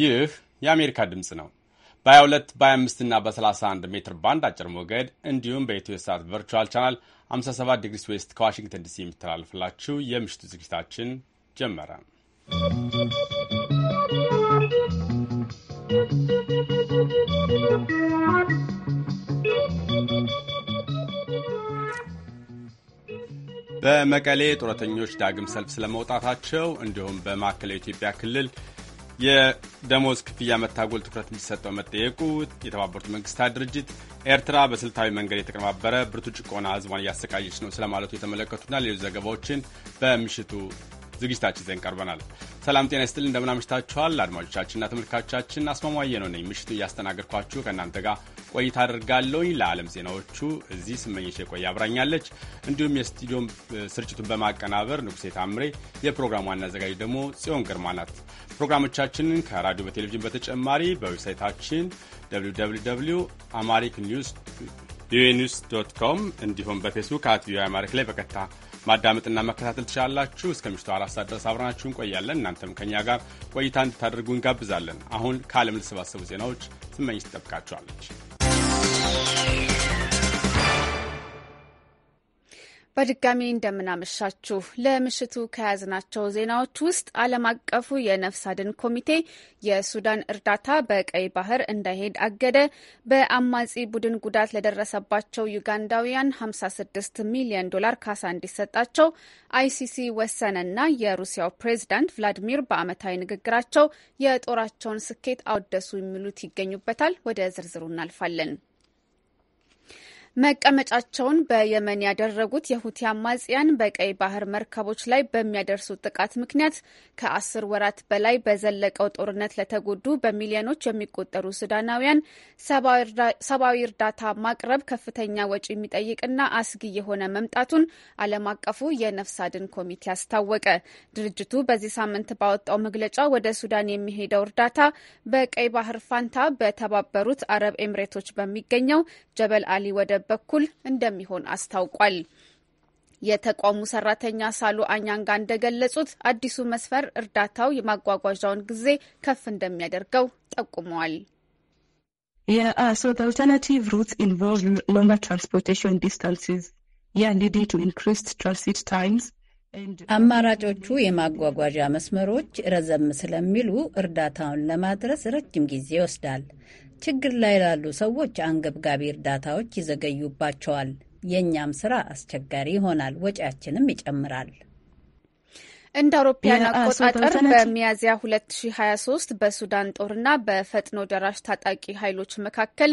ይህ የአሜሪካ ድምፅ ነው። በ22 በ25 እና በ31 ሜትር ባንድ አጭር ሞገድ እንዲሁም በኢትዮ ሳት ቨርቹዋል ቻናል 57 ዲግሪስ ዌስት ከዋሽንግተን ዲሲ የሚተላለፍላችሁ የምሽቱ ዝግጅታችን ጀመረ። በመቀሌ ጡረተኞች ዳግም ሰልፍ ስለመውጣታቸው እንዲሁም በማዕከላዊ ኢትዮጵያ ክልል የደሞዝ ክፍያ መታጎል ትኩረት እንዲሰጠው መጠየቁ የተባበሩት መንግስታት ድርጅት ኤርትራ በስልታዊ መንገድ የተቀነባበረ ብርቱ ጭቆና ህዝቧን እያሰቃየች ነው ስለማለቱ የተመለከቱና ሌሎች ዘገባዎችን በምሽቱ ዝግጅታችን ይዘን ቀርበናል። ሰላም ጤና ይስጥል እንደምናምሽታችኋል አድማጮቻችንና ተመልካቾቻችን አስማማየ ነው ነኝ። ምሽቱ እያስተናገድኳችሁ ከእናንተ ጋር ቆይታ አድርጋለሁኝ። ለዓለም ዜናዎቹ እዚህ ስመኝሽ የቆየ አብራኛለች። እንዲሁም የስቱዲዮም ስርጭቱን በማቀናበር ንጉሴ ታምሬ፣ የፕሮግራም ዋና አዘጋጅ ደግሞ ጽዮን ግርማ ናት። ፕሮግራሞቻችንን ከራዲዮ በቴሌቪዥን በተጨማሪ በዌብሳይታችን www አማሪክ ኒውስ ቪኦኤ ኒውስ ዶት ኮም እንዲሁም በፌስቡክ አት ቪኦኤ አማሪክ ላይ በቀጥታ ማዳመጥና መከታተል ትችላላችሁ። እስከ ምሽቱ አራት ሰዓት ድረስ አብረናችሁ እንቆያለን። እናንተም ከኛ ጋር ቆይታ እንድታደርጉ እንጋብዛለን። አሁን ከዓለም ለተሰባሰቡ ዜናዎች ስመኝ ትጠብቃችኋለች። በድጋሚ እንደምናመሻችሁ ለምሽቱ ከያዝናቸው ዜናዎች ውስጥ ዓለም አቀፉ የነፍስ አድን ኮሚቴ የሱዳን እርዳታ በቀይ ባህር እንዳይሄድ አገደ፣ በአማጺ ቡድን ጉዳት ለደረሰባቸው ዩጋንዳውያን 56 ሚሊዮን ዶላር ካሳ እንዲሰጣቸው አይሲሲ ወሰነና የሩሲያው ፕሬዝዳንት ቭላዲሚር በዓመታዊ ንግግራቸው የጦራቸውን ስኬት አወደሱ የሚሉት ይገኙበታል። ወደ ዝርዝሩ እናልፋለን። መቀመጫቸውን በየመን ያደረጉት የሁቲ አማጽያን በቀይ ባህር መርከቦች ላይ በሚያደርሱት ጥቃት ምክንያት ከአስር ወራት በላይ በዘለቀው ጦርነት ለተጎዱ በሚሊዮኖች የሚቆጠሩ ሱዳናውያን ሰብአዊ እርዳታ ማቅረብ ከፍተኛ ወጪ የሚጠይቅና አስጊ የሆነ መምጣቱን ዓለም አቀፉ የነፍስ አድን ኮሚቴ አስታወቀ። ድርጅቱ በዚህ ሳምንት ባወጣው መግለጫ ወደ ሱዳን የሚሄደው እርዳታ በቀይ ባህር ፋንታ በተባበሩት አረብ ኤምሬቶች በሚገኘው ጀበል አሊ ወደ በማቅረብ በኩል እንደሚሆን አስታውቋል። የተቋሙ ሰራተኛ ሳሉ አኛንጋ እንደገለጹት አዲሱ መስፈር እርዳታው የማጓጓዣውን ጊዜ ከፍ እንደሚያደርገው ጠቁመዋል። አማራጮቹ የማጓጓዣ መስመሮች ረዘም ስለሚሉ እርዳታውን ለማድረስ ረጅም ጊዜ ይወስዳል። ችግር ላይ ላሉ ሰዎች አንገብጋቢ እርዳታዎች ይዘገዩባቸዋል። የእኛም ስራ አስቸጋሪ ይሆናል፣ ወጪያችንም ይጨምራል። እንደ አውሮፓውያን አቆጣጠር በሚያዝያ 2023 በሱዳን ጦርና በፈጥኖ ደራሽ ታጣቂ ኃይሎች መካከል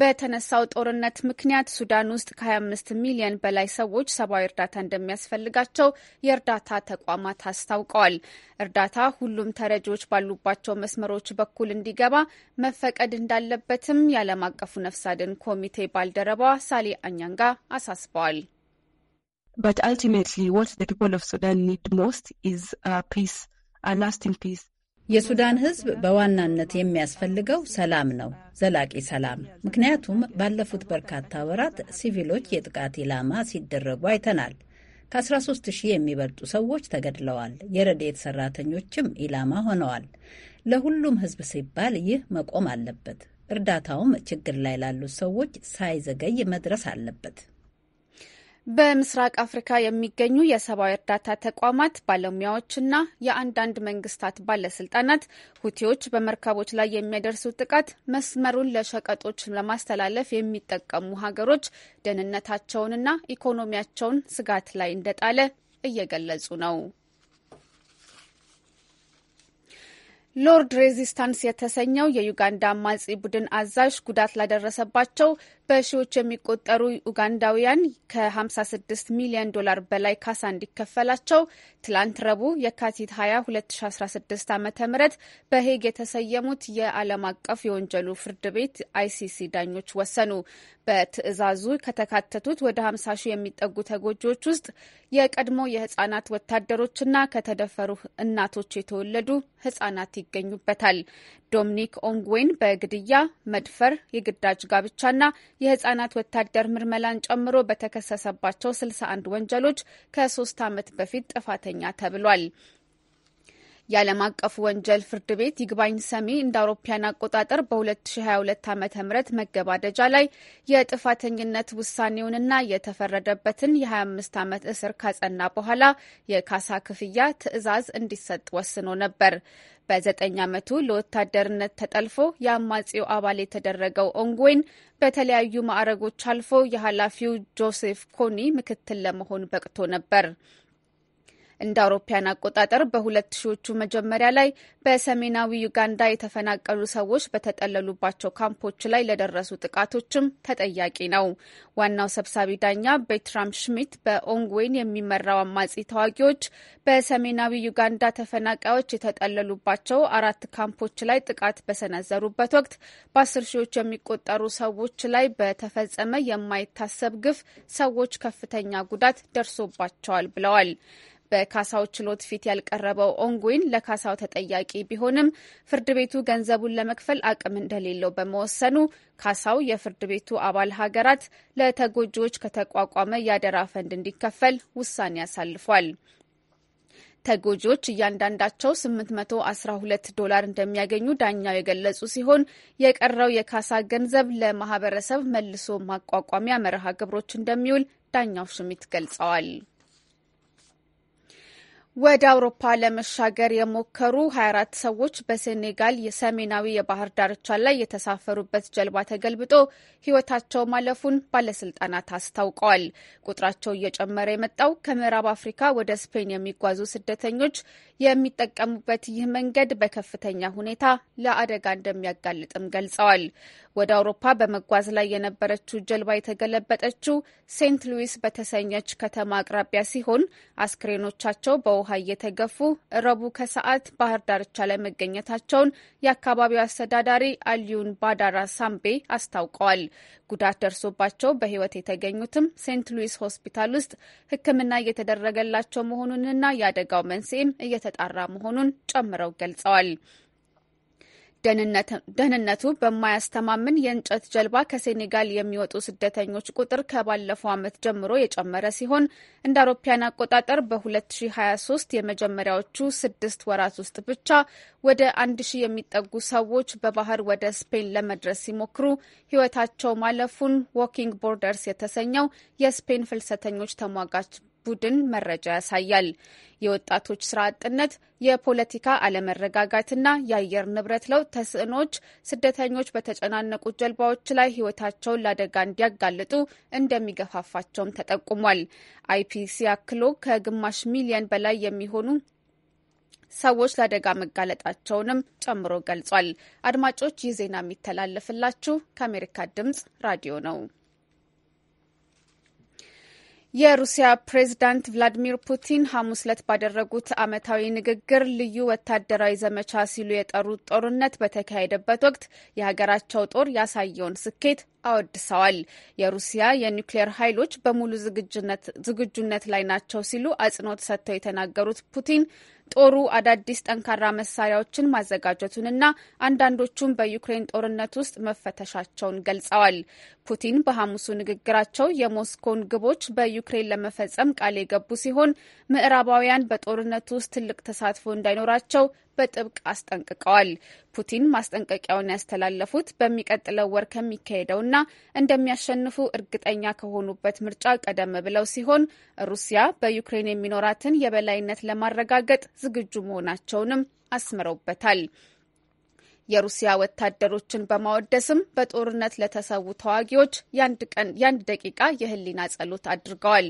በተነሳው ጦርነት ምክንያት ሱዳን ውስጥ ከ25 ሚሊዮን በላይ ሰዎች ሰብአዊ እርዳታ እንደሚያስፈልጋቸው የእርዳታ ተቋማት አስታውቀዋል። እርዳታ ሁሉም ተረጂዎች ባሉባቸው መስመሮች በኩል እንዲገባ መፈቀድ እንዳለበትም የዓለም አቀፉ ነፍስ አድን ኮሚቴ ባልደረባ ሳሌ አኛንጋ አሳስበዋል። But ultimately, what the people of Sudan need most is a uh, peace, a lasting peace. የሱዳን ሕዝብ በዋናነት የሚያስፈልገው ሰላም ነው፣ ዘላቂ ሰላም። ምክንያቱም ባለፉት በርካታ ወራት ሲቪሎች የጥቃት ኢላማ ሲደረጉ አይተናል። ከ13 ሺህ የሚበልጡ ሰዎች ተገድለዋል። የረድኤት ሰራተኞችም ኢላማ ሆነዋል። ለሁሉም ህዝብ ሲባል ይህ መቆም አለበት። እርዳታውም ችግር ላይ ላሉት ሰዎች ሳይዘገይ መድረስ አለበት። በምስራቅ አፍሪካ የሚገኙ የሰብአዊ እርዳታ ተቋማት ባለሙያዎችና የአንዳንድ መንግስታት ባለስልጣናት ሁቲዎች በመርከቦች ላይ የሚያደርሱት ጥቃት መስመሩን ለሸቀጦች ለማስተላለፍ የሚጠቀሙ ሀገሮች ደህንነታቸውንና ኢኮኖሚያቸውን ስጋት ላይ እንደጣለ እየገለጹ ነው። ሎርድ ሬዚስታንስ የተሰኘው የዩጋንዳ አማጺ ቡድን አዛዥ ጉዳት ላደረሰባቸው በሺዎች የሚቆጠሩ ኡጋንዳውያን ከ56 ሚሊዮን ዶላር በላይ ካሳ እንዲከፈላቸው ትላንት ረቡዕ የካቲት 20 2016 ዓ ም በሄግ የተሰየሙት የዓለም አቀፍ የወንጀሉ ፍርድ ቤት አይሲሲ ዳኞች ወሰኑ። በትዕዛዙ ከተካተቱት ወደ 50 ሺህ የሚጠጉ ተጎጂዎች ውስጥ የቀድሞ የህጻናት ወታደሮችና ከተደፈሩ እናቶች የተወለዱ ህጻናት ይገኙበታል። ዶሚኒክ ኦንግዌን በግድያ መድፈር፣ የግዳጅ ጋብቻና የህጻናት ወታደር ምርመላን ጨምሮ በተከሰሰባቸው 61 ወንጀሎች ከሶስት ዓመት በፊት ጥፋተኛ ተብሏል። የዓለም አቀፉ ወንጀል ፍርድ ቤት ይግባኝ ሰሚ እንደ አውሮፓያን አቆጣጠር በ2022 ዓ ም መገባደጃ ላይ የጥፋተኝነት ውሳኔውንና የተፈረደበትን የ25 ዓመት እስር ካጸና በኋላ የካሳ ክፍያ ትዕዛዝ እንዲሰጥ ወስኖ ነበር። በዘጠኝ ዓመቱ ለወታደርነት ተጠልፎ የአማጺው አባል የተደረገው ኦንጎይን በተለያዩ ማዕረጎች አልፎ የኃላፊው ጆሴፍ ኮኒ ምክትል ለመሆን በቅቶ ነበር። እንደ አውሮፓያን አቆጣጠር በሁለት ሺዎቹ መጀመሪያ ላይ በሰሜናዊ ዩጋንዳ የተፈናቀሉ ሰዎች በተጠለሉባቸው ካምፖች ላይ ለደረሱ ጥቃቶችም ተጠያቂ ነው። ዋናው ሰብሳቢ ዳኛ ቤትራም ሽሚት በኦንግዌን የሚመራው አማጺ ተዋጊዎች በሰሜናዊ ዩጋንዳ ተፈናቃዮች የተጠለሉባቸው አራት ካምፖች ላይ ጥቃት በሰነዘሩበት ወቅት በአስር ሺዎች የሚቆጠሩ ሰዎች ላይ በተፈጸመ የማይታሰብ ግፍ ሰዎች ከፍተኛ ጉዳት ደርሶባቸዋል ብለዋል። በካሳው ችሎት ፊት ያልቀረበው ኦንጉዊን ለካሳው ተጠያቂ ቢሆንም ፍርድ ቤቱ ገንዘቡን ለመክፈል አቅም እንደሌለው በመወሰኑ ካሳው የፍርድ ቤቱ አባል ሀገራት ለተጎጂዎች ከተቋቋመ የአደራ ፈንድ እንዲከፈል ውሳኔ አሳልፏል። ተጎጂዎች እያንዳንዳቸው 812 ዶላር እንደሚያገኙ ዳኛው የገለጹ ሲሆን የቀረው የካሳ ገንዘብ ለማህበረሰብ መልሶ ማቋቋሚያ መርሃ ግብሮች እንደሚውል ዳኛው ሹሚት ገልጸዋል። ወደ አውሮፓ ለመሻገር የሞከሩ 24 ሰዎች በሴኔጋል የሰሜናዊ የባህር ዳርቻ ላይ የተሳፈሩበት ጀልባ ተገልብጦ ሕይወታቸው ማለፉን ባለስልጣናት አስታውቀዋል። ቁጥራቸው እየጨመረ የመጣው ከምዕራብ አፍሪካ ወደ ስፔን የሚጓዙ ስደተኞች የሚጠቀሙበት ይህ መንገድ በከፍተኛ ሁኔታ ለአደጋ እንደሚያጋልጥም ገልጸዋል። ወደ አውሮፓ በመጓዝ ላይ የነበረችው ጀልባ የተገለበጠችው ሴንት ሉዊስ በተሰኘች ከተማ አቅራቢያ ሲሆን አስክሬኖቻቸው በው በውሃ እየተገፉ ረቡ ከሰዓት ባህር ዳርቻ ላይ መገኘታቸውን የአካባቢው አስተዳዳሪ አሊዩን ባዳራ ሳምቤ አስታውቀዋል። ጉዳት ደርሶባቸው በህይወት የተገኙትም ሴንት ሉዊስ ሆስፒታል ውስጥ ሕክምና እየተደረገላቸው መሆኑንና የአደጋው መንስኤም እየተጣራ መሆኑን ጨምረው ገልጸዋል። ደህንነቱ በማያስተማምን የእንጨት ጀልባ ከሴኔጋል የሚወጡ ስደተኞች ቁጥር ከባለፈው ዓመት ጀምሮ የጨመረ ሲሆን እንደ አውሮፓያን አቆጣጠር በ2023 የመጀመሪያዎቹ ስድስት ወራት ውስጥ ብቻ ወደ አንድ ሺህ የሚጠጉ ሰዎች በባህር ወደ ስፔን ለመድረስ ሲሞክሩ ሕይወታቸው ማለፉን ዎኪንግ ቦርደርስ የተሰኘው የስፔን ፍልሰተኞች ተሟጋች ቡድን መረጃ ያሳያል። የወጣቶች ስራ አጥነት፣ የፖለቲካ አለመረጋጋትና የአየር ንብረት ለውጥ ተጽዕኖዎች ስደተኞች በተጨናነቁ ጀልባዎች ላይ ሕይወታቸውን ለአደጋ እንዲያጋልጡ እንደሚገፋፋቸውም ተጠቁሟል። አይፒሲ አክሎ ከግማሽ ሚሊየን በላይ የሚሆኑ ሰዎች ለአደጋ መጋለጣቸውንም ጨምሮ ገልጿል። አድማጮች፣ ይህ ዜና የሚተላለፍላችሁ ከአሜሪካ ድምጽ ራዲዮ ነው። የሩሲያ ፕሬዝዳንት ቭላዲሚር ፑቲን ሐሙስ ዕለት ባደረጉት ዓመታዊ ንግግር ልዩ ወታደራዊ ዘመቻ ሲሉ የጠሩት ጦርነት በተካሄደበት ወቅት የሀገራቸው ጦር ያሳየውን ስኬት አወድሰዋል። የሩሲያ የኒውክሌር ኃይሎች በሙሉ ዝግጁነት ላይ ናቸው ሲሉ አጽንኦት ሰጥተው የተናገሩት ፑቲን ጦሩ አዳዲስ ጠንካራ መሳሪያዎችን ማዘጋጀቱንና አንዳንዶቹም በዩክሬን ጦርነት ውስጥ መፈተሻቸውን ገልጸዋል። ፑቲን በሐሙሱ ንግግራቸው የሞስኮን ግቦች በዩክሬን ለመፈጸም ቃል የገቡ ሲሆን ምዕራባውያን በጦርነቱ ውስጥ ትልቅ ተሳትፎ እንዳይኖራቸው በጥብቅ አስጠንቅቀዋል። ፑቲን ማስጠንቀቂያውን ያስተላለፉት በሚቀጥለው ወር ከሚካሄደውና እንደሚያሸንፉ እርግጠኛ ከሆኑበት ምርጫ ቀደም ብለው ሲሆን ሩሲያ በዩክሬን የሚኖራትን የበላይነት ለማረጋገጥ ዝግጁ መሆናቸውንም አስምረውበታል። የሩሲያ ወታደሮችን በማወደስም በጦርነት ለተሰዉ ተዋጊዎች የአንድ ደቂቃ የህሊና ጸሎት አድርገዋል።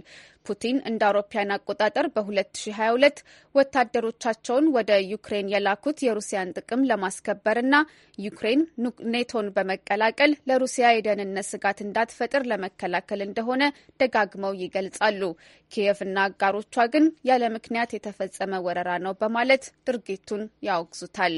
ፑቲን እንደ አውሮፓያን አቆጣጠር በ2022 ወታደሮቻቸውን ወደ ዩክሬን የላኩት የሩሲያን ጥቅም ለማስከበርና ዩክሬን ኔቶን በመቀላቀል ለሩሲያ የደህንነት ስጋት እንዳትፈጥር ለመከላከል እንደሆነ ደጋግመው ይገልጻሉ። ኪየቭና አጋሮቿ ግን ያለ ምክንያት የተፈጸመ ወረራ ነው በማለት ድርጊቱን ያወግዙታል።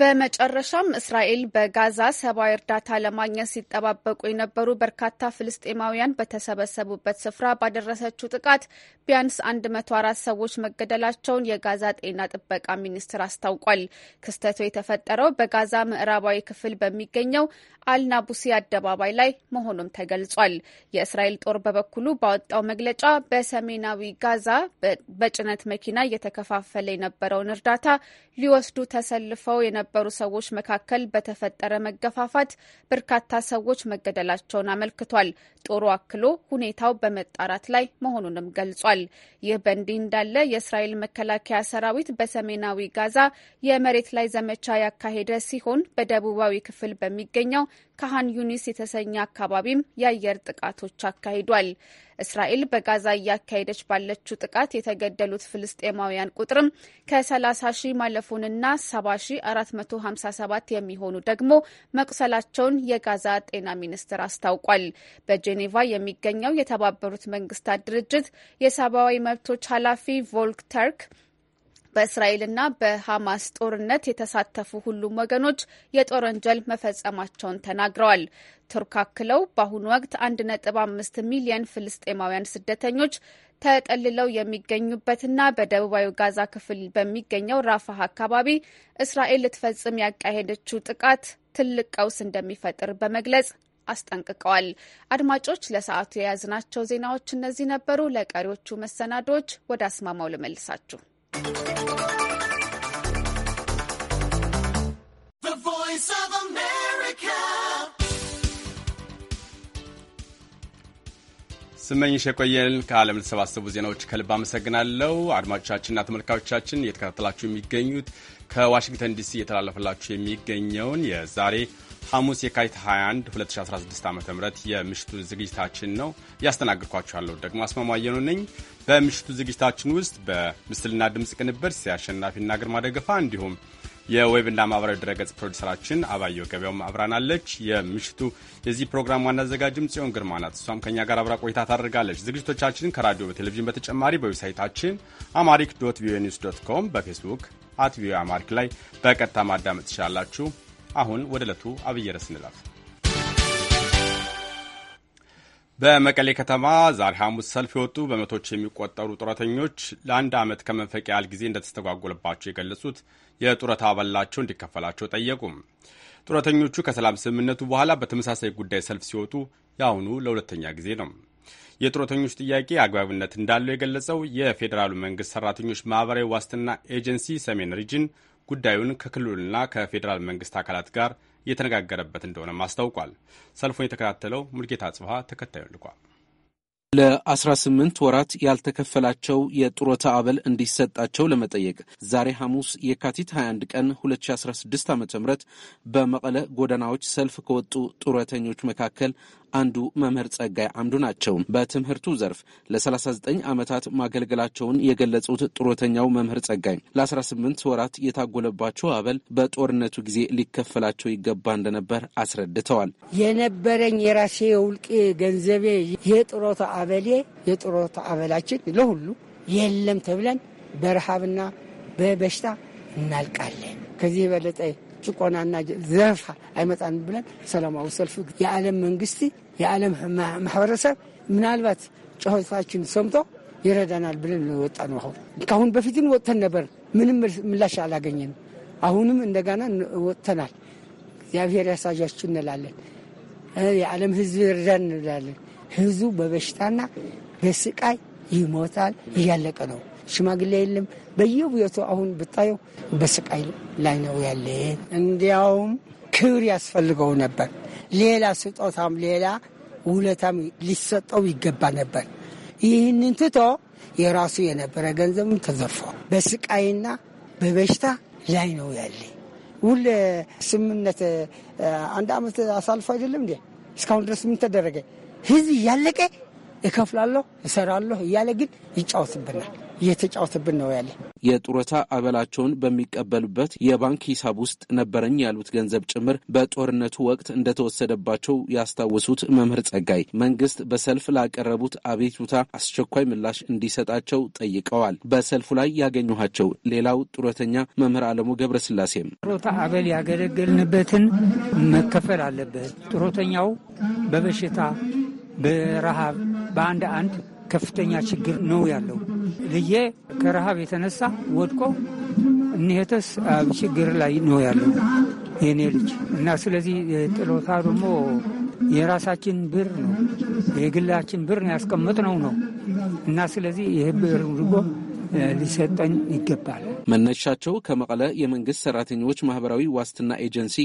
በመጨረሻም እስራኤል በጋዛ ሰብአዊ እርዳታ ለማግኘት ሲጠባበቁ የነበሩ በርካታ ፍልስጤማውያን በተሰበሰቡበት ስፍራ ባደረሰችው ጥቃት ቢያንስ 104 ሰዎች መገደላቸውን የጋዛ ጤና ጥበቃ ሚኒስቴር አስታውቋል። ክስተቱ የተፈጠረው በጋዛ ምዕራባዊ ክፍል በሚገኘው አልናቡሲ አደባባይ ላይ መሆኑም ተገልጿል። የእስራኤል ጦር በበኩሉ ባወጣው መግለጫ በሰሜናዊ ጋዛ በጭነት መኪና እየተከፋፈለ የነበረውን እርዳታ ሊወስዱ ተሰልፈው በነበሩ ሰዎች መካከል በተፈጠረ መገፋፋት በርካታ ሰዎች መገደላቸውን አመልክቷል። ጦሩ አክሎ ሁኔታው በመጣራት ላይ መሆኑንም ገልጿል። ይህ በእንዲህ እንዳለ የእስራኤል መከላከያ ሰራዊት በሰሜናዊ ጋዛ የመሬት ላይ ዘመቻ ያካሄደ ሲሆን በደቡባዊ ክፍል በሚገኘው ካሃን ዩኒስ የተሰኘ አካባቢም የአየር ጥቃቶች አካሂዷል። እስራኤል በጋዛ እያካሄደች ባለችው ጥቃት የተገደሉት ፍልስጤማውያን ቁጥርም ከ30 ሺህ ማለፉንና 7457 የሚሆኑ ደግሞ መቁሰላቸውን የጋዛ ጤና ሚኒስቴር አስታውቋል። በጄኔቫ የሚገኘው የተባበሩት መንግስታት ድርጅት የሰብአዊ መብቶች ኃላፊ ቮልክ ተርክ በእስራኤልና በሐማስ ጦርነት የተሳተፉ ሁሉም ወገኖች የጦር ወንጀል መፈጸማቸውን ተናግረዋል። ቱርክ አክለው በአሁኑ ወቅት 1.5 ሚሊየን ፍልስጤማውያን ስደተኞች ተጠልለው የሚገኙበትና በደቡባዊ ጋዛ ክፍል በሚገኘው ራፋህ አካባቢ እስራኤል ልትፈጽም ያካሄደችው ጥቃት ትልቅ ቀውስ እንደሚፈጥር በመግለጽ አስጠንቅቀዋል። አድማጮች፣ ለሰዓቱ የያዝናቸው ዜናዎች እነዚህ ነበሩ። ለቀሪዎቹ መሰናዶዎች ወደ አስማማው ልመልሳችሁ። ስመኝሽ የቆየን ከዓለም ለተሰባሰቡ ዜናዎች ከልብ አመሰግናለሁ። አድማጮቻችንና ተመልካቾቻችን እየተከታተላችሁ የሚገኙት ከዋሽንግተን ዲሲ እየተላለፈላችሁ የሚገኘውን የዛሬ ሐሙስ የካቲት 21 2016 ዓ ም የምሽቱ ዝግጅታችን ነው። እያስተናግድኳችኋለሁ ደግሞ አስማማየኑ ነኝ። በምሽቱ ዝግጅታችን ውስጥ በምስልና ድምፅ ቅንብር ሲያሸናፊና ግርማ ደገፋ እንዲሁም የዌብና ማህበራዊ ድረገጽ ፕሮዲሰራችን አባየሁ ገበያውም አብራናለች። የምሽቱ የዚህ ፕሮግራም ዋና አዘጋጅም ጽዮን ግርማ ናት። እሷም ከእኛ ጋር አብራ ቆይታ ታደርጋለች። ዝግጅቶቻችንን ከራዲዮ በቴሌቪዥን በተጨማሪ በዌብሳይታችን አማሪክ ዶት ቪኦኤ ኒውስ ዶት ኮም በፌስቡክ አት ቪኦኤ አማሪክ ላይ በቀጥታ ማዳመጥ ትችላላችሁ። አሁን ወደ ዕለቱ አብይ ርዕስ እንለፍ። በመቀሌ ከተማ ዛሬ ሐሙስ ሰልፍ የወጡ በመቶዎች የሚቆጠሩ ጡረተኞች ለአንድ ዓመት ከመንፈቅ ያህል ጊዜ እንደተስተጓጎለባቸው የገለጹት የጡረታ አበላቸው እንዲከፈላቸው ጠየቁም። ጡረተኞቹ ከሰላም ስምምነቱ በኋላ በተመሳሳይ ጉዳይ ሰልፍ ሲወጡ የአሁኑ ለሁለተኛ ጊዜ ነው። የጡረተኞች ጥያቄ አግባብነት እንዳለው የገለጸው የፌዴራሉ መንግስት ሰራተኞች ማኅበራዊ ዋስትና ኤጀንሲ ሰሜን ሪጅን ጉዳዩን ከክልሉና ከፌዴራል መንግስት አካላት ጋር እየተነጋገረበት እንደሆነም አስታውቋል። ሰልፉን የተከታተለው ሙልጌታ ጽብሃ ተከታዩን ልኳል። ለ18 ወራት ያልተከፈላቸው የጡረታ አበል እንዲሰጣቸው ለመጠየቅ ዛሬ ሐሙስ የካቲት 21 ቀን 2016 ዓ ም በመቀለ ጎዳናዎች ሰልፍ ከወጡ ጡረተኞች መካከል አንዱ መምህር ጸጋይ አምዱ ናቸው። በትምህርቱ ዘርፍ ለ39 ዓመታት ማገልገላቸውን የገለጹት ጡረተኛው መምህር ጸጋይ ለ18 ወራት የታጎለባቸው አበል በጦርነቱ ጊዜ ሊከፈላቸው ይገባ እንደነበር አስረድተዋል። የነበረኝ የራሴ የውልቅ ገንዘቤ የጡረታ አበሌ የጡረታ አበላችን ለሁሉ የለም ተብለን በረሃብና በበሽታ እናልቃለን። ከዚህ የበለጠ ጭቆናና ዘረፋ አይመጣን ብለን ሰላማዊ ሰልፍ የዓለም መንግስት የዓለም ማህበረሰብ ምናልባት ጩኸታችን ሰምቶ ይረዳናል ብለን ወጣ ነው። አሁን ከአሁን በፊትም ወጥተን ነበር፣ ምንም ምላሽ አላገኘንም። አሁንም እንደገና ወጥተናል። እግዚአብሔር ያሳያችሁ እንላለን። የዓለም ህዝብ ይርዳን እንላለን። ህዝቡ በበሽታና በስቃይ ይሞታል፣ እያለቀ ነው። ሽማግሌ የለም። በየቤቱ አሁን ብታየው በስቃይ ላይ ነው ያለ። እንዲያውም ክብር ያስፈልገው ነበር። ሌላ ስጦታም ሌላ ውለታም ሊሰጠው ይገባ ነበር። ይህንን ትቶ የራሱ የነበረ ገንዘብም ተዘርፎ በስቃይና በበሽታ ላይ ነው ያለ። ውል ስምምነት አንድ ዓመት አሳልፎ አይደለም እንዴ? እስካሁን ድረስ ምን ተደረገ? ህዝብ እያለቀ እከፍላለሁ እሰራለሁ እያለ ግን ይጫወትብናል። እየተጫወተብን ነው ያለ። የጡረታ አበላቸውን በሚቀበሉበት የባንክ ሂሳብ ውስጥ ነበረኝ ያሉት ገንዘብ ጭምር በጦርነቱ ወቅት እንደተወሰደባቸው ያስታወሱት መምህር ጸጋይ መንግስት በሰልፍ ላቀረቡት አቤቱታ አስቸኳይ ምላሽ እንዲሰጣቸው ጠይቀዋል። በሰልፉ ላይ ያገኘኋቸው ሌላው ጡረተኛ መምህር አለሙ ገብረስላሴም ጡረታ አበል ያገለገልንበትን መከፈል አለበት። ጡረተኛው በበሽታ በረሃብ በአንድ አንድ ከፍተኛ ችግር ነው ያለው። ልዬ ከረሃብ የተነሳ ወድቆ እኒሄተስ ችግር ላይ ነው ያለው የኔ ልጅ እና ስለዚህ ጥሎታ ደግሞ የራሳችን ብር ነው የግላችን ብር ያስቀመጥነው ነው እና ስለዚህ ይህ ብር ድጎ ሊሰጠን ይገባል። መነሻቸው ከመቀለ የመንግስት ሰራተኞች ማህበራዊ ዋስትና ኤጀንሲ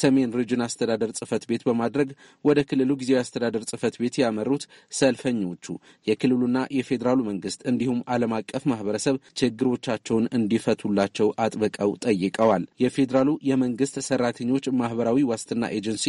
ሰሜን ሪጅን አስተዳደር ጽህፈት ቤት በማድረግ ወደ ክልሉ ጊዜያዊ አስተዳደር ጽህፈት ቤት ያመሩት ሰልፈኞቹ የክልሉና የፌዴራሉ መንግስት እንዲሁም ዓለም አቀፍ ማህበረሰብ ችግሮቻቸውን እንዲፈቱላቸው አጥብቀው ጠይቀዋል። የፌዴራሉ የመንግስት ሰራተኞች ማህበራዊ ዋስትና ኤጀንሲ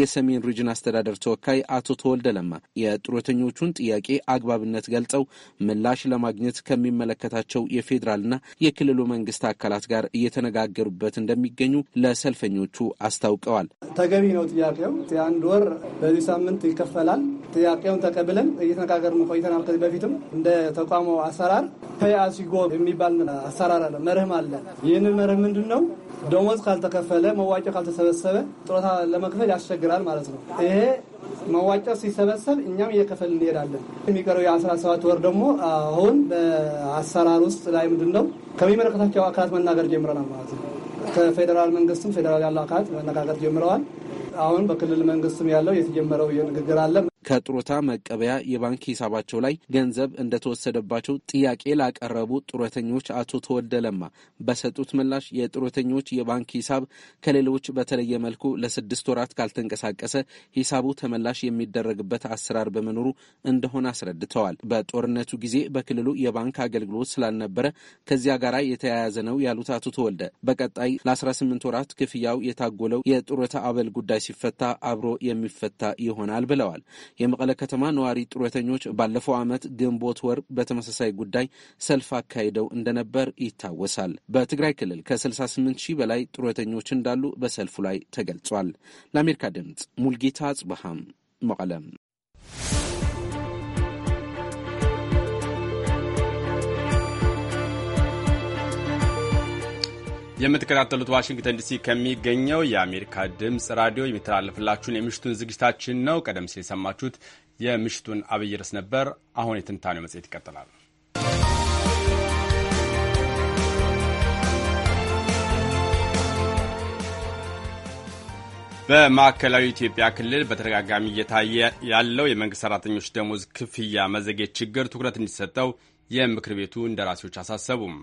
የሰሜን ሪጅን አስተዳደር ተወካይ አቶ ተወልደ ለማ የጡረተኞቹን ጥያቄ አግባብነት ገልጸው ምላሽ ለማግኘት ከሚመለከታቸው የፌዴራልና የክልሉ መንግስት አካላት ጋር እየተነጋገሩበት እንደሚገኙ ለሰልፈኞቹ አስታውቀዋል። ተገቢ ነው ጥያቄው። የአንድ ወር በዚህ ሳምንት ይከፈላል። ጥያቄውን ተቀብለን እየተነጋገርን ቆይተናል። ከዚህ በፊትም እንደ ተቋሙ አሰራር ፔያሲጎ የሚባል አሰራር አለ፣ መርህም አለ። ይህንን መርህ ምንድን ነው? ደሞዝ ካልተከፈለ መዋጮ ካልተሰበሰበ ጡረታ ለመክፈል ያስቸግራል ማለት ነው። ይሄ መዋጫው ሲሰበሰብ እኛም እየከፈል እንሄዳለን። የሚቀረው የአስራ ሰባት ወር ደግሞ አሁን በአሰራር ውስጥ ላይ ምንድን ነው ከሚመለከታቸው አካላት መናገር ጀምረናል ማለት ነው። ከፌዴራል መንግስትም ፌዴራል ያለው አካላት መነጋገር ጀምረዋል። አሁን በክልል መንግስትም ያለው የተጀመረው ንግግር አለ። ከጡረታ መቀበያ የባንክ ሂሳባቸው ላይ ገንዘብ እንደተወሰደባቸው ጥያቄ ላቀረቡ ጡረተኞች አቶ ተወልደ ለማ በሰጡት ምላሽ የጡረተኞች የባንክ ሂሳብ ከሌሎች በተለየ መልኩ ለስድስት ወራት ካልተንቀሳቀሰ ሂሳቡ ተመላሽ የሚደረግበት አሰራር በመኖሩ እንደሆነ አስረድተዋል። በጦርነቱ ጊዜ በክልሉ የባንክ አገልግሎት ስላልነበረ ከዚያ ጋር የተያያዘ ነው ያሉት አቶ ተወልደ በቀጣይ ለ18 ወራት ክፍያው የታጎለው የጡረታ አበል ጉዳይ ሲፈታ አብሮ የሚፈታ ይሆናል ብለዋል። የመቀለ ከተማ ነዋሪ ጡረተኞች ባለፈው ዓመት ግንቦት ወር በተመሳሳይ ጉዳይ ሰልፍ አካሂደው እንደነበር ይታወሳል። በትግራይ ክልል ከ68 ሺህ በላይ ጡረተኞች እንዳሉ በሰልፉ ላይ ተገልጿል። ለአሜሪካ ድምፅ ሙልጌታ አጽብሃም መቀለም የምትከታተሉት ዋሽንግተን ዲሲ ከሚገኘው የአሜሪካ ድምፅ ራዲዮ የሚተላለፍላችሁን የምሽቱን ዝግጅታችን ነው። ቀደም ሲል የሰማችሁት የምሽቱን አብይ ርዕስ ነበር። አሁን የትንታኔው መጽሔት ይቀጥላል። በማዕከላዊ ኢትዮጵያ ክልል በተደጋጋሚ እየታየ ያለው የመንግሥት ሠራተኞች ደሞዝ ክፍያ መዘግየት ችግር ትኩረት እንዲሰጠው የምክር ቤቱ እንደራሴዎች አሳሰቡም።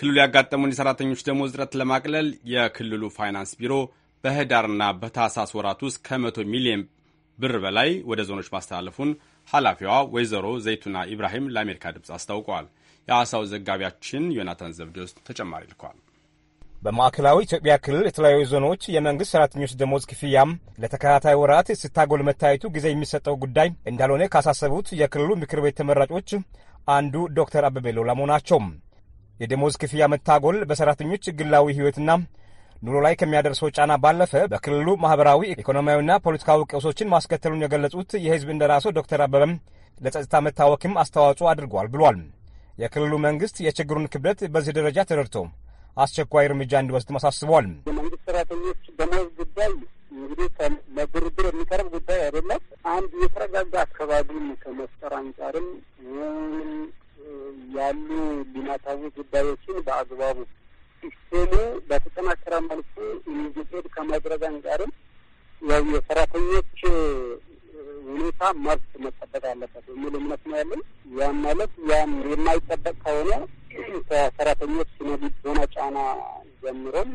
ክልሉ ያጋጠሙን የሰራተኞች ደሞዝ እጥረት ለማቅለል የክልሉ ፋይናንስ ቢሮ በህዳርና በታህሳስ ወራት ውስጥ ከመቶ ሚሊዮን ብር በላይ ወደ ዞኖች ማስተላለፉን ኃላፊዋ ወይዘሮ ዘይቱና ኢብራሂም ለአሜሪካ ድምፅ አስታውቀዋል። የአሳው ዘጋቢያችን ዮናታን ዘብዴዎስ ተጨማሪ ልኳል። በማዕከላዊ ኢትዮጵያ ክልል የተለያዩ ዞኖች የመንግስት ሰራተኞች ደሞዝ ክፍያም ለተከታታይ ወራት ስታጎል መታየቱ ጊዜ የሚሰጠው ጉዳይ እንዳልሆነ ካሳሰቡት የክልሉ ምክር ቤት ተመራጮች አንዱ ዶክተር አበበ ሎላሞ ናቸው። የደሞዝ ክፍያ መታጎል በሰራተኞች ግላዊ ህይወትና ኑሮ ላይ ከሚያደርሰው ጫና ባለፈ በክልሉ ማህበራዊ፣ ኢኮኖሚያዊና ፖለቲካዊ ቀውሶችን ማስከተሉን የገለጹት የህዝብ እንደራሴው ዶክተር አበበም ለጸጥታ መታወክም አስተዋጽኦ አድርጓል ብሏል። የክልሉ መንግስት የችግሩን ክብደት በዚህ ደረጃ ተረድቶ አስቸኳይ እርምጃ እንዲወስድ ማሳስበዋል። የመንግስት ሰራተኞች ደሞዝ ጉዳይ እንግዲህ ለድርድር የሚቀርብ ጉዳይ አይደለም። አንድ የተረጋጋ አካባቢን ከመፍጠር አንጻርም ያሉ ሊማታዊ ጉዳዮችን በአግባቡ ሲስቴሙ በተጠናከረ መልኩ እንዲሄድ ከማድረግ አንጻርም ያው የሰራተኞች ሁኔታ መብት መጠበቅ አለበት የሚል እምነት ነው ያለን። ያም ማለት ያም የማይጠበቅ ከሆነ ከሰራተኞች ስነ ልቦና ጫና ጀምሮም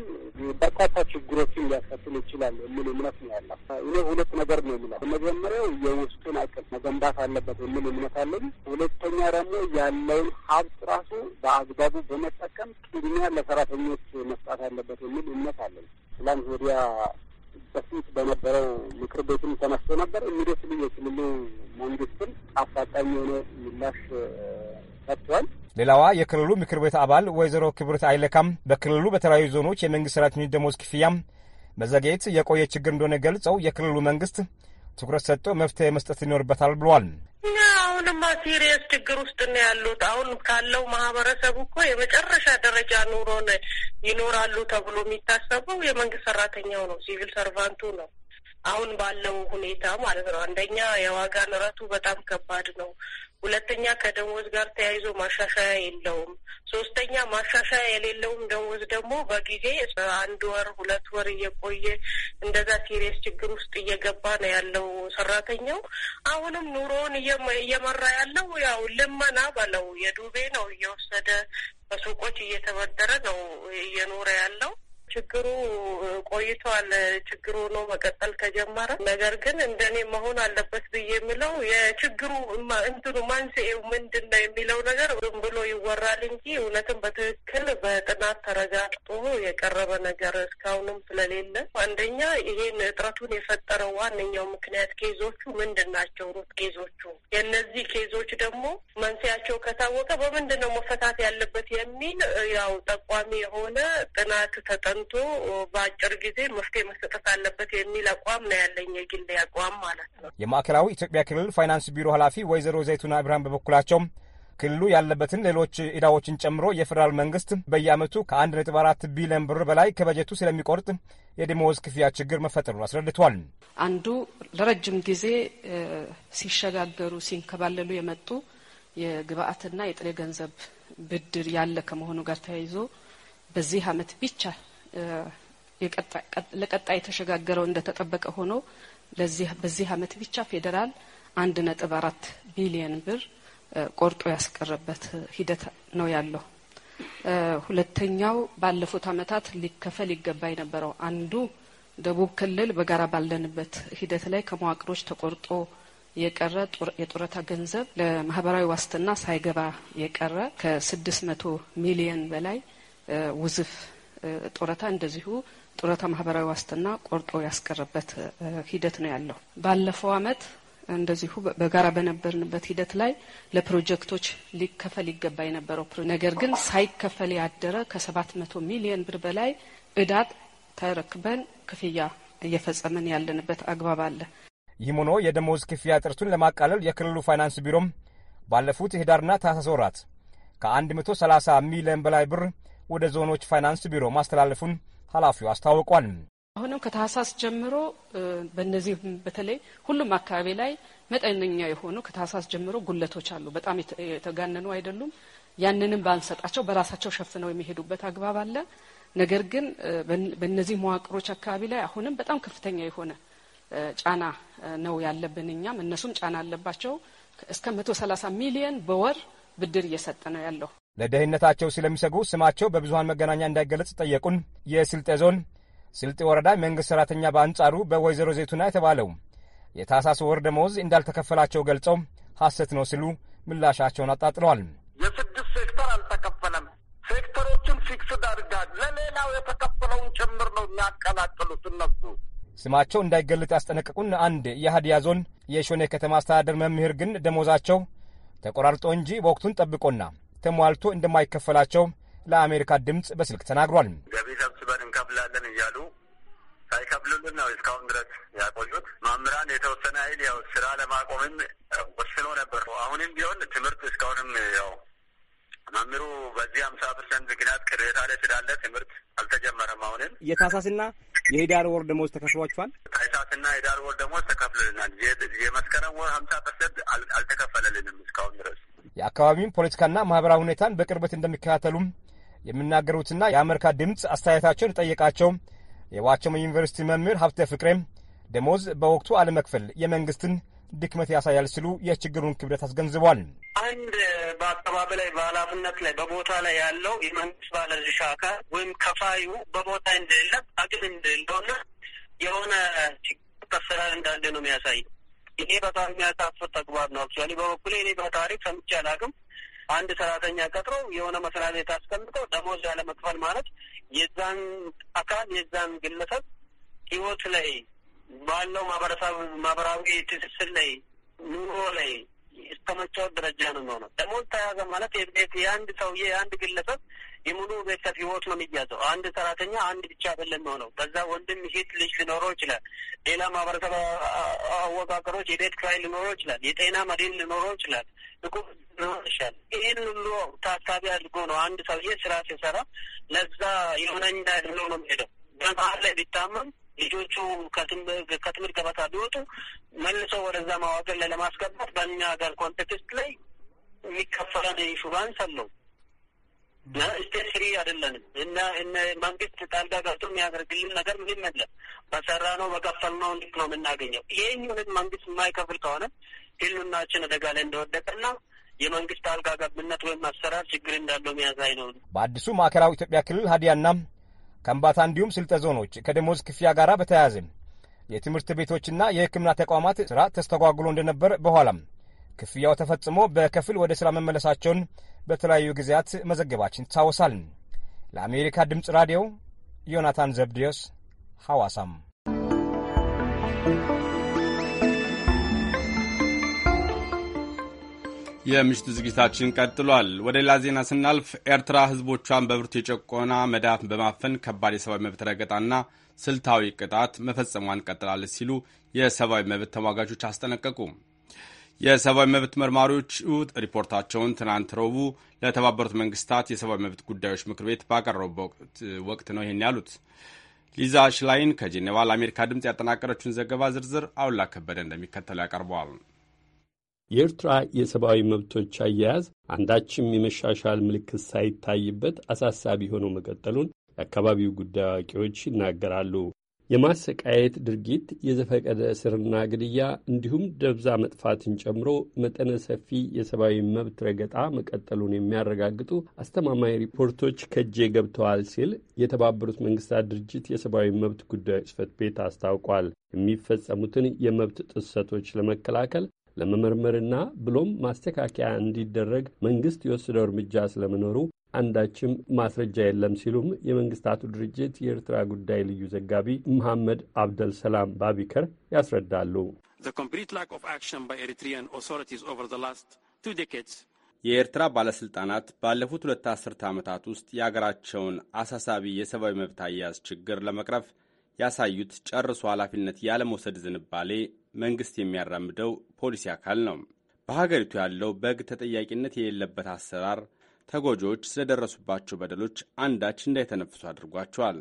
በርካታ ችግሮችን ሊያስከትል ይችላል የሚል እምነት ነው ያለው። እኔ ሁለት ነገር ነው የምለው። መጀመሪያው የውስጡን አቅም መገንባት አለበት የሚል እምነት አለን። ሁለተኛ ደግሞ ያለውን ሀብት ራሱ በአግባቡ በመጠቀም ቅድሚያ ለሰራተኞች መስጣት አለበት የሚል እምነት አለን። ትላንት ወዲያ በፊት በነበረው ምክር ቤትም ተነስቶ ነበር። ኢሚዲየትሊ የክልሉ መንግስትም አፋጣኝ የሆነ ምላሽ ሰጥቷል። ሌላዋ የክልሉ ምክር ቤት አባል ወይዘሮ ክብርት አይለካም በክልሉ በተለያዩ ዞኖች የመንግስት ሰራተኞች ደሞዝ ክፍያ መዘግየት የቆየ ችግር እንደሆነ ገልጸው የክልሉ መንግስት ትኩረት ሰጥቶ መፍትሄ መስጠት ይኖርበታል ብለዋል። እኛ አሁንማ ሲሪየስ ችግር ውስጥ ነው ያሉት። አሁን ካለው ማህበረሰቡ እኮ የመጨረሻ ደረጃ ኑሮን ይኖራሉ ተብሎ የሚታሰበው የመንግስት ሰራተኛው ነው፣ ሲቪል ሰርቫንቱ ነው። አሁን ባለው ሁኔታ ማለት ነው። አንደኛ የዋጋ ንረቱ በጣም ከባድ ነው። ሁለተኛ ከደሞዝ ጋር ተያይዞ ማሻሻያ የለውም። ሶስተኛ ማሻሻያ የሌለውም ደሞዝ ደግሞ በጊዜ አንድ ወር ሁለት ወር እየቆየ እንደዛ ሲሪየስ ችግር ውስጥ እየገባ ነው ያለው ሰራተኛው። አሁንም ኑሮውን እየመራ ያለው ያው ልመና በለው የዱቤ ነው እየወሰደ በሱቆች እየተበደረ ነው እየኖረ ያለው። ችግሩ ቆይቷል። ችግሩ ነው መቀጠል ከጀመረ ነገር ግን እንደኔ መሆን አለበት ብዬ የምለው የችግሩ እንትኑ መንስኤው ምንድን ነው የሚለው ነገር ዝም ብሎ ይወራል እንጂ እውነትም በትክክል በጥናት ተረጋግጦ የቀረበ ነገር እስካሁንም ስለሌለ፣ አንደኛ ይሄን እጥረቱን የፈጠረው ዋነኛው ምክንያት ኬዞቹ ምንድን ናቸው? ሩት ኬዞቹ የእነዚህ ኬዞች ደግሞ መንስያቸው ከታወቀ በምንድን ነው መፈታት ያለበት የሚል ያው ጠቋሚ የሆነ ጥናት ተጠ ጠንቶ በአጭር ጊዜ መፍትሄ መሰጠት አለበት የሚል አቋም ነው ያለኝ፣ የግሌ አቋም ማለት ነው። የማዕከላዊ ኢትዮጵያ ክልል ፋይናንስ ቢሮ ኃላፊ ወይዘሮ ዘይቱና ኢብርሃም በበኩላቸው ክልሉ ያለበትን ሌሎች ኢዳዎችን ጨምሮ የፌዴራል መንግስት በየዓመቱ ከአንድ ነጥብ አራት ቢሊዮን ብር በላይ ከበጀቱ ስለሚቆርጥ የደመወዝ ክፍያ ችግር መፈጠሩን አስረድቷል። አንዱ ለረጅም ጊዜ ሲሸጋገሩ ሲንከባለሉ የመጡ የግብአትና የጥሬ ገንዘብ ብድር ያለ ከመሆኑ ጋር ተያይዞ በዚህ ዓመት ብቻ ለቀጣይ የተሸጋገረው እንደተጠበቀ ሆኖ በዚህ አመት ብቻ ፌዴራል አንድ ነጥብ አራት ቢሊየን ብር ቆርጦ ያስቀረበት ሂደት ነው ያለው። ሁለተኛው ባለፉት አመታት ሊከፈል ይገባ የነበረው አንዱ ደቡብ ክልል በጋራ ባለንበት ሂደት ላይ ከመዋቅሮች ተቆርጦ የቀረ የጡረታ ገንዘብ ለማህበራዊ ዋስትና ሳይገባ የቀረ ከስድስት መቶ ሚሊየን በላይ ውዝፍ ጡረታ እንደዚሁ ጡረታ ማህበራዊ ዋስትና ቆርጦ ያስቀረበት ሂደት ነው ያለው። ባለፈው አመት እንደዚሁ በጋራ በነበርንበት ሂደት ላይ ለፕሮጀክቶች ሊከፈል ይገባ የነበረው ነገር ግን ሳይከፈል ያደረ ከሰባት መቶ ሚሊዮን ብር በላይ እዳት ተረክበን ክፍያ እየፈጸመን ያለንበት አግባብ አለ። ይህም ሆኖ የደሞዝ ክፍያ ጥርቱን ለማቃለል የክልሉ ፋይናንስ ቢሮም ባለፉት ህዳርና ታህሳስ ወራት ከ130 ሚሊዮን በላይ ብር ወደ ዞኖች ፋይናንስ ቢሮ ማስተላለፉን ኃላፊው አስታውቋል። አሁንም ከታህሳስ ጀምሮ በነዚህ በተለይ ሁሉም አካባቢ ላይ መጠነኛ የሆኑ ከታህሳስ ጀምሮ ጉለቶች አሉ። በጣም የተጋነኑ አይደሉም። ያንንም ባንሰጣቸው በራሳቸው ሸፍነው የሚሄዱበት አግባብ አለ። ነገር ግን በእነዚህ መዋቅሮች አካባቢ ላይ አሁንም በጣም ከፍተኛ የሆነ ጫና ነው ያለብን። እኛም እነሱም ጫና አለባቸው። እስከ መቶ ሰላሳ ሚሊየን በወር ብድር እየሰጠ ነው ያለው። ለደህንነታቸው ስለሚሰጉ ስማቸው በብዙሃን መገናኛ እንዳይገለጽ ጠየቁን። የስልጤ ዞን ስልጤ ወረዳ መንግሥት ሠራተኛ በአንጻሩ በወይዘሮ ዘይቱና የተባለው የታህሳስ ወር ደመወዝ እንዳልተከፈላቸው ገልጸው ሐሰት ነው ሲሉ ምላሻቸውን አጣጥለዋል። የስድስት ሴክተር አልተከፈለም። ሴክተሮችን ፊክስድ አድርጋል። ለሌላው የተከፈለውን ጭምር ነው የሚያቀላቅሉት እነሱ። ስማቸው እንዳይገለጥ ያስጠነቀቁን አንድ የሀዲያ ዞን የሾኔ ከተማ አስተዳደር መምህር ግን ደሞዛቸው ተቆራርጦ እንጂ ወቅቱን ጠብቆና ተሟልቶ እንደማይከፈላቸው ለአሜሪካ ድምፅ በስልክ ተናግሯል። ገቢ ሰብስበን እንከፍላለን እያሉ ሳይከፍሉልን ነው እስካሁን ድረስ ያቆዩት። መምህራን የተወሰነ ኃይል ያው ስራ ለማቆምም ወስኖ ነበር። አሁንም ቢሆን ትምህርት እስካሁንም ያው መምህሩ በዚህ ሀምሳ ፐርሰንት ምክንያት ቅሬታ ላይ ስላለ ትምህርት አልተጀመረም። አሁንም የታህሳስና የህዳር ወር ደሞዝ ተከፍሏቸዋል። ታህሳስና የህዳር ወር ደሞዝ ተከፍልልናል። የመስከረም ወር ሀምሳ ፐርሰንት አልተከፈለልንም እስካሁን ድረስ የአካባቢውን ፖለቲካና ማህበራዊ ሁኔታን በቅርበት እንደሚከታተሉም የሚናገሩትና የአሜሪካ ድምፅ አስተያየታቸውን የጠየቃቸው የዋቸሞ ዩኒቨርሲቲ መምህር ሀብተ ፍቅሬም ደሞዝ በወቅቱ አለመክፈል የመንግስትን ድክመት ያሳያል ሲሉ የችግሩን ክብደት አስገንዝቧል። አንድ በአካባቢ ላይ በኃላፊነት ላይ በቦታ ላይ ያለው የመንግስት ባለድርሻ አካል ወይም ከፋዩ በቦታ እንደሌለ አቅም እንደሌለውና የሆነ ችግር እንዳለ ነው የሚያሳየው። ይሄ በጣም የሚያሳፍር ተግባር ነው። አክቹዋሊ በበኩሌ እኔ በታሪክ ሰምቼ አላውቅም። አንድ ሰራተኛ ቀጥሮ የሆነ መስሪያ ቤት አስቀምጦ ደሞዝ ያለ መክፈል ማለት የዛን አካል የዛን ግለሰብ ህይወት ላይ ባለው ማህበረሰብ ማህበራዊ ትስስር ላይ ኑሮ ላይ እስከ ደረጃ ነው የሚሆነው። ደሞዝ ተያዘ ማለት የቤት የአንድ ሰውዬ የአንድ ግለሰብ የሙሉ ቤተሰብ ህይወት ነው የሚያዘው። አንድ ሰራተኛ አንድ ብቻ አይደለም የሚሆነው። በዛ ወንድም ሂት ልጅ ሊኖረው ይችላል። ሌላ ማህበረሰብ አወቃቀሮች የቤት ክራይ ሊኖረው ይችላል። የጤና መድን ሊኖረው ይችላል። እቁ ይሻል ይህን ሁሉ ታሳቢ አድርጎ ነው አንድ ሰውዬ ስራ ሲሰራ ለዛ የሆነኛ ብሎ ነው የሚሄደው በመሀል ላይ ቢታመም ልጆቹ ከትምህርት ገበታ ቢወጡ መልሰው ወደዛ ማዋገር ላይ ለማስገባት በእኛ ሀገር ኮንቴክስት ላይ የሚከፈለን ኢንሹራንስ አለው እና ስቴት ፍሪ አይደለንም እና መንግስት ጣልቃ ገብቶ የሚያደርግልን ነገር ምንም የለም። በሰራ ነው በከፈል ነው እንዲህ ነው የምናገኘው። ይህንን መንግስት የማይከፍል ከሆነ ህልውናችን አደጋ ላይ እንደወደቀና የመንግስት አልጋ ገብነት ወይም አሰራር ችግር እንዳለው የሚያሳይ ነው። በአዲሱ ማዕከላዊ ኢትዮጵያ ክልል ሀዲያና ከምባታ እንዲሁም ስልጠ ዞኖች ከደሞዝ ክፍያ ጋር በተያያዘ የትምህርት ቤቶችና የሕክምና ተቋማት ስራ ተስተጓጉሎ እንደነበር በኋላም ክፍያው ተፈጽሞ በከፊል ወደ ሥራ መመለሳቸውን በተለያዩ ጊዜያት መዘገባችን ይታወሳል። ለአሜሪካ ድምፅ ራዲዮ ዮናታን ዘብዲዮስ ሐዋሳም የምሽቱ ዝግጅታችን ቀጥሏል። ወደ ሌላ ዜና ስናልፍ ኤርትራ ህዝቦቿን በብርቱ የጨቆና መዳፍ በማፈን ከባድ የሰብአዊ መብት ረገጣና ስልታዊ ቅጣት መፈጸሟን ቀጥላለች ሲሉ የሰብአዊ መብት ተሟጋቾች አስጠነቀቁ። የሰብአዊ መብት መርማሪዎች ሪፖርታቸውን ትናንት ረቡዕ ለተባበሩት መንግስታት የሰብአዊ መብት ጉዳዮች ምክር ቤት ባቀረቡበት ወቅት ነው ይህን ያሉት። ሊዛ ሽላይን ከጄኔቫ ለአሜሪካ ድምፅ ያጠናቀረችውን ዘገባ ዝርዝር አውላ ከበደ እንደሚከተለው ያቀርበዋል። የኤርትራ የሰብአዊ መብቶች አያያዝ አንዳችም የመሻሻል ምልክት ሳይታይበት አሳሳቢ ሆኖ መቀጠሉን የአካባቢው ጉዳይ አዋቂዎች ይናገራሉ። የማሰቃየት ድርጊት፣ የዘፈቀደ እስርና ግድያ እንዲሁም ደብዛ መጥፋትን ጨምሮ መጠነ ሰፊ የሰብአዊ መብት ረገጣ መቀጠሉን የሚያረጋግጡ አስተማማኝ ሪፖርቶች ከእጄ ገብተዋል ሲል የተባበሩት መንግስታት ድርጅት የሰብአዊ መብት ጉዳዮች ጽፈት ቤት አስታውቋል። የሚፈጸሙትን የመብት ጥሰቶች ለመከላከል ለመመርመርና ብሎም ማስተካከያ እንዲደረግ መንግስት የወሰደው እርምጃ ስለመኖሩ አንዳችም ማስረጃ የለም ሲሉም የመንግስታቱ ድርጅት የኤርትራ ጉዳይ ልዩ ዘጋቢ መሐመድ አብደል ሰላም ባቢከር ያስረዳሉ። የኤርትራ ባለሥልጣናት ባለፉት ሁለት አስርተ ዓመታት ውስጥ የአገራቸውን አሳሳቢ የሰብአዊ መብት አያያዝ ችግር ለመቅረፍ ያሳዩት ጨርሶ ኃላፊነት ያለመውሰድ ዝንባሌ መንግስት የሚያራምደው ፖሊሲ አካል ነው። በሀገሪቱ ያለው በግ ተጠያቂነት የሌለበት አሰራር ተጎጂዎች ስለደረሱባቸው በደሎች አንዳች እንዳይተነፍሱ አድርጓቸዋል።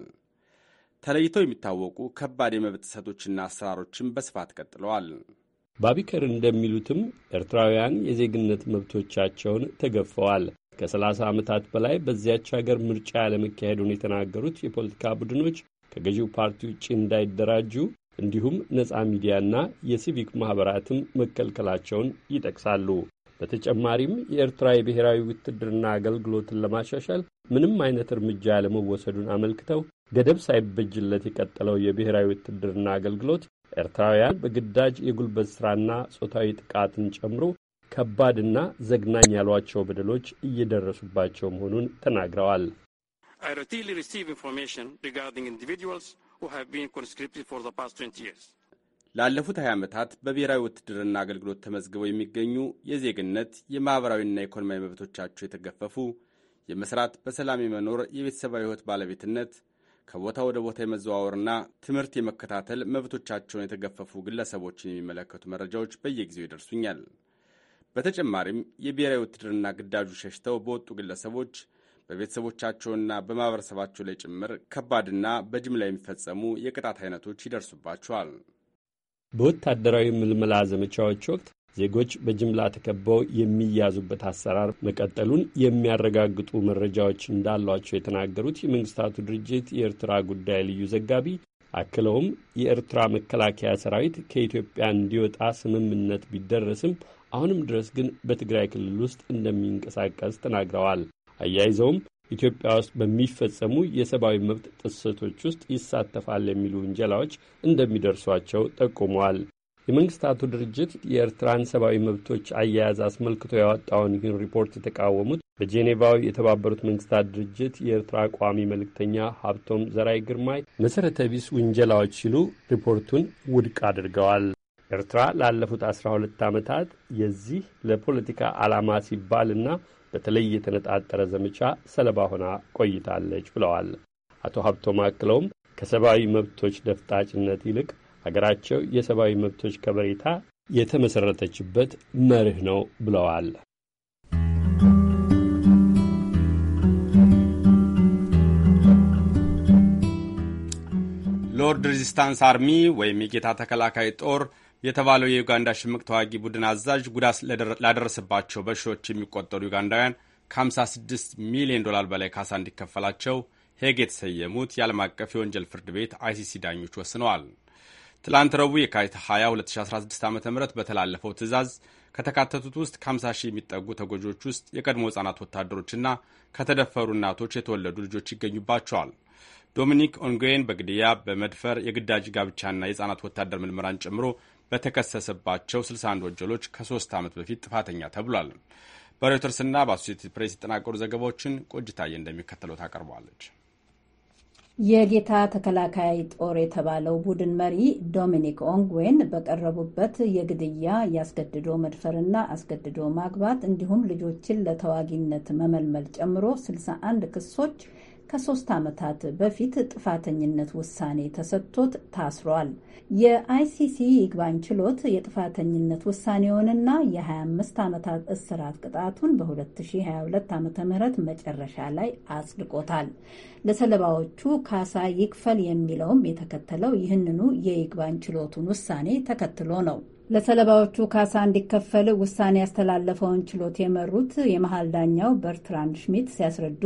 ተለይተው የሚታወቁ ከባድ የመብት ጥሰቶችና አሰራሮችን በስፋት ቀጥለዋል። ባቢከር እንደሚሉትም ኤርትራውያን የዜግነት መብቶቻቸውን ተገፈዋል። ከ30 ዓመታት በላይ በዚያች ሀገር ምርጫ ያለመካሄዱን የተናገሩት የፖለቲካ ቡድኖች ከገዢው ፓርቲ ውጭ እንዳይደራጁ እንዲሁም ነፃ ሚዲያና የሲቪክ ማኅበራትም መከልከላቸውን ይጠቅሳሉ። በተጨማሪም የኤርትራ የብሔራዊ ውትድርና አገልግሎትን ለማሻሻል ምንም አይነት እርምጃ ያለመወሰዱን አመልክተው ገደብ ሳይበጅለት የቀጠለው የብሔራዊ ውትድርና አገልግሎት ኤርትራውያን በግዳጅ የጉልበት ሥራና ጾታዊ ጥቃትን ጨምሮ ከባድና ዘግናኝ ያሏቸው በደሎች እየደረሱባቸው መሆኑን ተናግረዋል። I routinely receive information regarding individuals ላለፉት 20 ዓመታት በብሔራዊ ውትድርና አገልግሎት ተመዝግበው የሚገኙ የዜግነት የማኅበራዊና ኢኮኖሚያዊ መብቶቻቸው የተገፈፉ የመስራት፣ በሰላም የመኖር፣ የቤተሰባዊ ሕይወት ባለቤትነት፣ ከቦታ ወደ ቦታ የመዘዋወርና ትምህርት የመከታተል መብቶቻቸውን የተገፈፉ ግለሰቦችን የሚመለከቱ መረጃዎች በየጊዜው ይደርሱኛል። በተጨማሪም የብሔራዊ ውትድርና ግዳጁ ሸሽተው በወጡ ግለሰቦች በቤተሰቦቻቸውና በማህበረሰባቸው ላይ ጭምር ከባድና በጅምላ የሚፈጸሙ የቅጣት አይነቶች ይደርሱባቸዋል። በወታደራዊ ምልመላ ዘመቻዎች ወቅት ዜጎች በጅምላ ተከበው የሚያዙበት አሰራር መቀጠሉን የሚያረጋግጡ መረጃዎች እንዳሏቸው የተናገሩት የመንግስታቱ ድርጅት የኤርትራ ጉዳይ ልዩ ዘጋቢ አክለውም የኤርትራ መከላከያ ሰራዊት ከኢትዮጵያ እንዲወጣ ስምምነት ቢደረስም አሁንም ድረስ ግን በትግራይ ክልል ውስጥ እንደሚንቀሳቀስ ተናግረዋል። አያይዘውም ኢትዮጵያ ውስጥ በሚፈጸሙ የሰብአዊ መብት ጥሰቶች ውስጥ ይሳተፋል የሚሉ ውንጀላዎች እንደሚደርሷቸው ጠቁመዋል። የመንግስታቱ ድርጅት የኤርትራን ሰብአዊ መብቶች አያያዝ አስመልክቶ ያወጣውን ይህን ሪፖርት የተቃወሙት በጄኔቫው የተባበሩት መንግስታት ድርጅት የኤርትራ ቋሚ መልእክተኛ ሀብቶም ዘራይ ግርማይ መሠረተ ቢስ ውንጀላዎች ሲሉ ሪፖርቱን ውድቅ አድርገዋል። ኤርትራ ላለፉት አስራ ሁለት ዓመታት የዚህ ለፖለቲካ ዓላማ ሲባልና በተለይ የተነጣጠረ ዘመቻ ሰለባ ሆና ቆይታለች ብለዋል። አቶ ሀብቶም አክለውም ከሰብአዊ መብቶች ደፍጣጭነት ይልቅ ሀገራቸው የሰብአዊ መብቶች ከበሬታ የተመሰረተችበት መርህ ነው ብለዋል። ሎርድ ሬዚስታንስ አርሚ ወይም የጌታ ተከላካይ ጦር የተባለው የዩጋንዳ ሽምቅ ተዋጊ ቡድን አዛዥ ጉዳት ላደረሰባቸው በሺዎች የሚቆጠሩ ዩጋንዳውያን ከ56 ሚሊዮን ዶላር በላይ ካሳ እንዲከፈላቸው ሄግ የተሰየሙት የዓለም አቀፍ የወንጀል ፍርድ ቤት አይሲሲ ዳኞች ወስነዋል። ትላንት ረቡዕ የካቲት 20 2016 ዓ ም በተላለፈው ትዕዛዝ ከተካተቱት ውስጥ ከ50 ሺህ የሚጠጉ ተጎጂዎች ውስጥ የቀድሞ ሕጻናት ወታደሮችና ከተደፈሩ እናቶች የተወለዱ ልጆች ይገኙባቸዋል። ዶሚኒክ ኦንግዌን በግድያ፣ በመድፈር፣ የግዳጅ ጋብቻና የሕጻናት ወታደር ምርመራን ጨምሮ በተከሰሰባቸው 61 ወንጀሎች ከሶስት ዓመት በፊት ጥፋተኛ ተብሏል። በሮይተርስና በአሶሴትድ ፕሬስ የተጠናቀሩ ዘገባዎችን ቆጅታዬ እንደሚከተለው ታቀርበዋለች። የጌታ ተከላካይ ጦር የተባለው ቡድን መሪ ዶሚኒክ ኦንግዌን በቀረቡበት የግድያ ያስገድዶ መድፈርና አስገድዶ ማግባት እንዲሁም ልጆችን ለተዋጊነት መመልመል ጨምሮ 61 ክሶች ከሶስት ዓመታት በፊት ጥፋተኝነት ውሳኔ ተሰጥቶት ታስሯል። የአይሲሲ ይግባኝ ችሎት የጥፋተኝነት ውሳኔውንና የ25 ዓመታት እስራት ቅጣቱን በ2022 ዓ ም መጨረሻ ላይ አጽድቆታል። ለሰለባዎቹ ካሳ ይክፈል የሚለውም የተከተለው ይህንኑ የይግባኝ ችሎቱን ውሳኔ ተከትሎ ነው። ለሰለባዎቹ ካሳ እንዲከፈል ውሳኔ ያስተላለፈውን ችሎት የመሩት የመሀል ዳኛው በርትራንድ ሽሚት ሲያስረዱ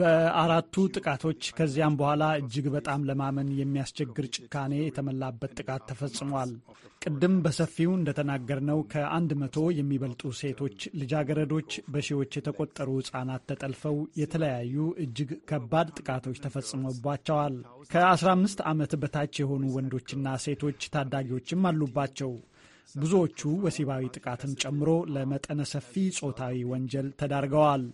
በአራቱ ጥቃቶች ከዚያም በኋላ እጅግ በጣም ለማመን የሚያስቸግር ጭካኔ የተመላበት ጥቃት ተፈጽሟል። ቅድም በሰፊው እንደተናገርነው ከአንድ መቶ የሚበልጡ ሴቶች፣ ልጃገረዶች፣ በሺዎች የተቆጠሩ ህጻናት ተጠልፈው የተለያዩ እጅግ ከባድ ጥቃቶች ተፈጽሞባቸዋል። ከ15 ዓመት በታች የሆኑ ወንዶችና ሴቶች ታዳጊዎችም አሉባቸው። ብዙዎቹ ወሲባዊ ጥቃትን ጨምሮ ለመጠነ ሰፊ ጾታዊ ወንጀል ተዳርገዋል።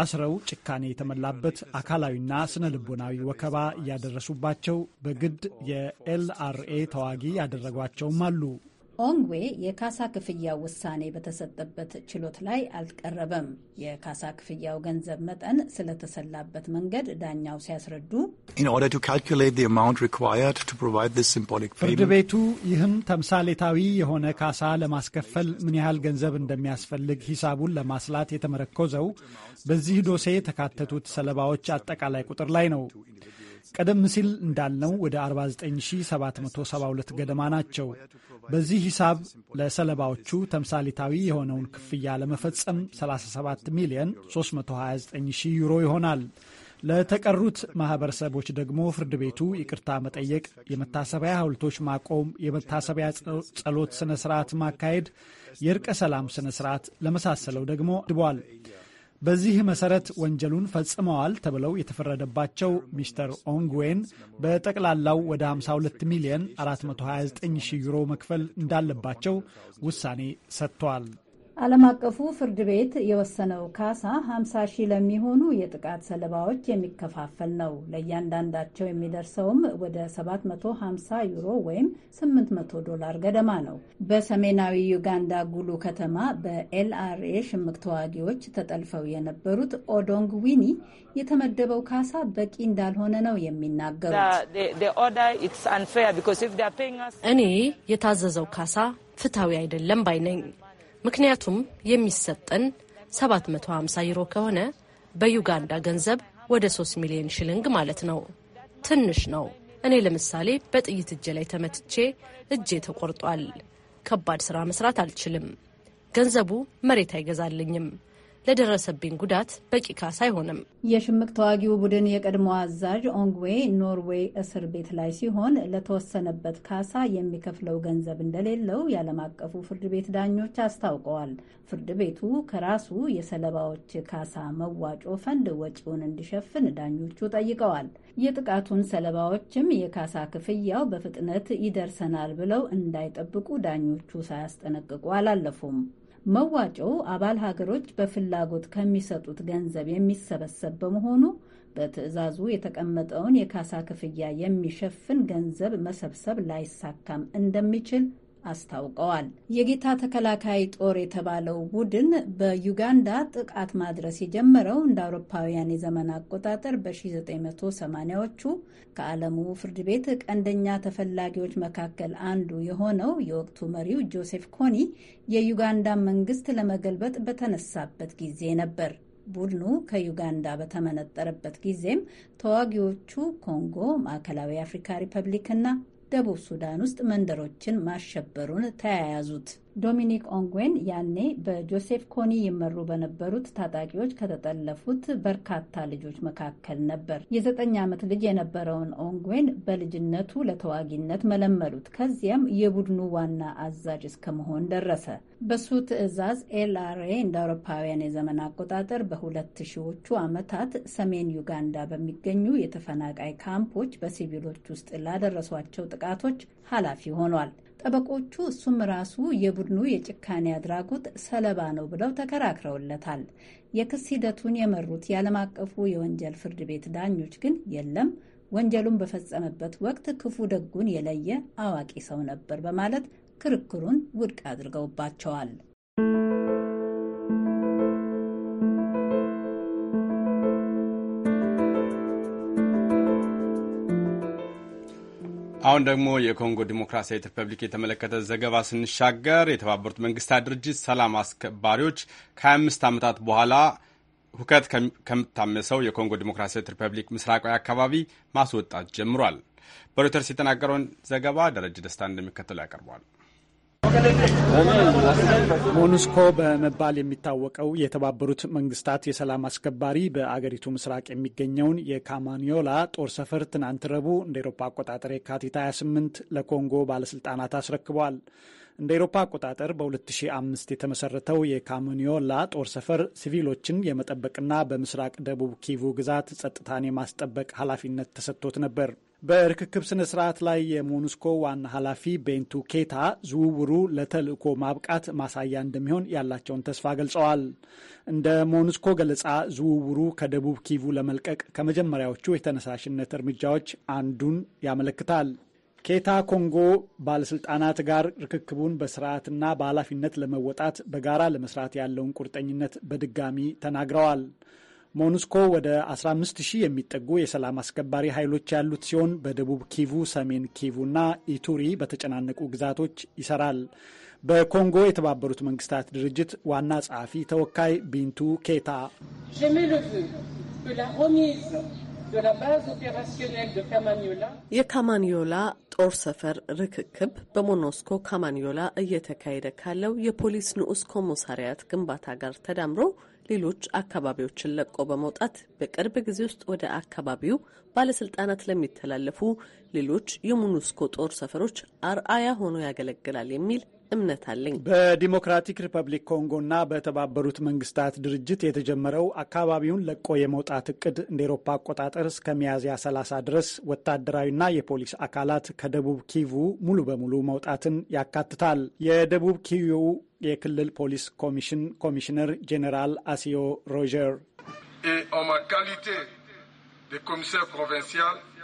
አስረው ጭካኔ የተመላበት አካላዊና ስነ ልቦናዊ ወከባ እያደረሱባቸው በግድ የኤልአርኤ ተዋጊ ያደረጓቸውም አሉ። ኦንግዌ የካሳ ክፍያ ውሳኔ በተሰጠበት ችሎት ላይ አልቀረበም። የካሳ ክፍያው ገንዘብ መጠን ስለተሰላበት መንገድ ዳኛው ሲያስረዱ ፍርድ ቤቱ ይህም ተምሳሌታዊ የሆነ ካሳ ለማስከፈል ምን ያህል ገንዘብ እንደሚያስፈልግ ሂሳቡን ለማስላት የተመረኮዘው በዚህ ዶሴ የተካተቱት ሰለባዎች አጠቃላይ ቁጥር ላይ ነው። ቀደም ሲል እንዳልነው ወደ 49772 ገደማ ናቸው። በዚህ ሂሳብ ለሰለባዎቹ ተምሳሌታዊ የሆነውን ክፍያ ለመፈጸም 37 ሚሊዮን 329 ዩሮ ይሆናል። ለተቀሩት ማህበረሰቦች ደግሞ ፍርድ ቤቱ ይቅርታ መጠየቅ፣ የመታሰቢያ ሐውልቶች ማቆም፣ የመታሰቢያ ጸሎት ስነ ስርዓት ማካሄድ፣ የእርቀ ሰላም ስነ ስርዓት ለመሳሰለው ደግሞ ድቧል። በዚህ መሰረት ወንጀሉን ፈጽመዋል ተብለው የተፈረደባቸው ሚስተር ኦንግዌን በጠቅላላው ወደ 52 ሚሊዮን 429 ሺህ ዩሮ መክፈል እንዳለባቸው ውሳኔ ሰጥቷል። ዓለም አቀፉ ፍርድ ቤት የወሰነው ካሳ 50 ሺህ ለሚሆኑ የጥቃት ሰለባዎች የሚከፋፈል ነው። ለእያንዳንዳቸው የሚደርሰውም ወደ 750 ዩሮ ወይም 800 ዶላር ገደማ ነው። በሰሜናዊ ዩጋንዳ ጉሉ ከተማ በኤልአርኤ ሽምቅ ተዋጊዎች ተጠልፈው የነበሩት ኦዶንግ ዊኒ የተመደበው ካሳ በቂ እንዳልሆነ ነው የሚናገሩት። እኔ የታዘዘው ካሳ ፍትሐዊ አይደለም ባይ ነኝ። ምክንያቱም የሚሰጠን 750 ዩሮ ከሆነ በዩጋንዳ ገንዘብ ወደ 3 ሚሊዮን ሽልንግ ማለት ነው። ትንሽ ነው። እኔ ለምሳሌ በጥይት እጄ ላይ ተመትቼ እጄ ተቆርጧል። ከባድ ሥራ መስራት አልችልም። ገንዘቡ መሬት አይገዛልኝም። ለደረሰብኝ ጉዳት በቂ ካሳ አይሆንም። የሽምቅ ተዋጊው ቡድን የቀድሞ አዛዥ ኦንግዌ ኖርዌይ እስር ቤት ላይ ሲሆን ለተወሰነበት ካሳ የሚከፍለው ገንዘብ እንደሌለው የዓለም አቀፉ ፍርድ ቤት ዳኞች አስታውቀዋል። ፍርድ ቤቱ ከራሱ የሰለባዎች ካሳ መዋጮ ፈንድ ወጪውን እንዲሸፍን ዳኞቹ ጠይቀዋል። የጥቃቱን ሰለባዎችም የካሳ ክፍያው በፍጥነት ይደርሰናል ብለው እንዳይጠብቁ ዳኞቹ ሳያስጠነቅቁ አላለፉም። መዋጮው አባል ሀገሮች በፍላጎት ከሚሰጡት ገንዘብ የሚሰበሰብ በመሆኑ በትዕዛዙ የተቀመጠውን የካሳ ክፍያ የሚሸፍን ገንዘብ መሰብሰብ ላይሳካም እንደሚችል አስታውቀዋል። የጌታ ተከላካይ ጦር የተባለው ቡድን በዩጋንዳ ጥቃት ማድረስ የጀመረው እንደ አውሮፓውያን የዘመን አቆጣጠር በ1980ዎቹ ከዓለሙ ፍርድ ቤት ቀንደኛ ተፈላጊዎች መካከል አንዱ የሆነው የወቅቱ መሪው ጆሴፍ ኮኒ የዩጋንዳ መንግስት ለመገልበጥ በተነሳበት ጊዜ ነበር። ቡድኑ ከዩጋንዳ በተመነጠረበት ጊዜም ተዋጊዎቹ ኮንጎ፣ ማዕከላዊ አፍሪካ ሪፐብሊክ ደቡብ ሱዳን ውስጥ መንደሮችን ማሸበሩን ተያያዙት። ዶሚኒክ ኦንግዌን ያኔ በጆሴፍ ኮኒ ይመሩ በነበሩት ታጣቂዎች ከተጠለፉት በርካታ ልጆች መካከል ነበር። የዘጠኝ ዓመት ልጅ የነበረውን ኦንግዌን በልጅነቱ ለተዋጊነት መለመሉት። ከዚያም የቡድኑ ዋና አዛዥ እስከመሆን ደረሰ። በሱ ትዕዛዝ ኤልአርኤ እንደ አውሮፓውያን የዘመን አቆጣጠር በሁለት ሺዎቹ ዓመታት ሰሜን ዩጋንዳ በሚገኙ የተፈናቃይ ካምፖች በሲቪሎች ውስጥ ላደረሷቸው ጥቃቶች ኃላፊ ሆኗል። ጠበቆቹ እሱም ራሱ የቡድኑ የጭካኔ አድራጎት ሰለባ ነው ብለው ተከራክረውለታል። የክስ ሂደቱን የመሩት የዓለም አቀፉ የወንጀል ፍርድ ቤት ዳኞች ግን የለም፣ ወንጀሉን በፈጸመበት ወቅት ክፉ ደጉን የለየ አዋቂ ሰው ነበር በማለት ክርክሩን ውድቅ አድርገውባቸዋል። አሁን ደግሞ የኮንጎ ዲሞክራሲያዊት ሪፐብሊክ የተመለከተ ዘገባ ስንሻገር የተባበሩት መንግስታት ድርጅት ሰላም አስከባሪዎች ከ25 ዓመታት በኋላ ሁከት ከምታመሰው የኮንጎ ዲሞክራሲያዊት ሪፐብሊክ ምስራቃዊ አካባቢ ማስወጣት ጀምሯል። በሮይተርስ የተናገረውን ዘገባ ደረጀ ደስታ እንደሚከተሉ ያቀርበዋል። ሞኑስኮ በመባል የሚታወቀው የተባበሩት መንግስታት የሰላም አስከባሪ በአገሪቱ ምስራቅ የሚገኘውን የካማኒዮላ ጦር ሰፈር ትናንት ረቡዕ እንደ ኤሮፓ አቆጣጠር የካቲት 28 ለኮንጎ ባለስልጣናት አስረክበዋል። እንደ ኤሮፓ አቆጣጠር በ2005 የተመሰረተው የካሙኒዮላ ጦር ሰፈር ሲቪሎችን የመጠበቅና በምስራቅ ደቡብ ኪቩ ግዛት ጸጥታን የማስጠበቅ ኃላፊነት ተሰጥቶት ነበር። በርክክብ ስነ ስርዓት ላይ የሞኑስኮ ዋና ኃላፊ ቤንቱ ኬታ ዝውውሩ ለተልእኮ ማብቃት ማሳያ እንደሚሆን ያላቸውን ተስፋ ገልጸዋል። እንደ ሞኑስኮ ገለጻ ዝውውሩ ከደቡብ ኪቩ ለመልቀቅ ከመጀመሪያዎቹ የተነሳሽነት እርምጃዎች አንዱን ያመለክታል። ኬታ ኮንጎ ባለስልጣናት ጋር ርክክቡን በስርዓትና በኃላፊነት ለመወጣት በጋራ ለመስራት ያለውን ቁርጠኝነት በድጋሚ ተናግረዋል። ሞኑስኮ ወደ 15 ሺህ የሚጠጉ የሰላም አስከባሪ ኃይሎች ያሉት ሲሆን በደቡብ ኪቩ፣ ሰሜን ኪቩና ኢቱሪ በተጨናነቁ ግዛቶች ይሰራል። በኮንጎ የተባበሩት መንግስታት ድርጅት ዋና ጸሐፊ ተወካይ ቢንቱ ኬታ የካማኒዮላ ጦር ሰፈር ርክክብ በሞኖስኮ ካማኒዮላ እየተካሄደ ካለው የፖሊስ ንዑስ ኮሞሳሪያት ግንባታ ጋር ተዳምሮ ሌሎች አካባቢዎችን ለቆ በመውጣት በቅርብ ጊዜ ውስጥ ወደ አካባቢው ባለስልጣናት ለሚተላለፉ ሌሎች የሞኖስኮ ጦር ሰፈሮች አርአያ ሆኖ ያገለግላል የሚል እምነት አለኝ። በዲሞክራቲክ ሪፐብሊክ ኮንጎና በተባበሩት መንግስታት ድርጅት የተጀመረው አካባቢውን ለቆ የመውጣት እቅድ እንደ ኤሮፓ አቆጣጠር እስከ ሚያዝያ 30 ድረስ ወታደራዊና የፖሊስ አካላት ከደቡብ ኪቩ ሙሉ በሙሉ መውጣትን ያካትታል። የደቡብ ኪቩ የክልል ፖሊስ ኮሚሽን ኮሚሽነር ጄኔራል አሲዮ ሮጀር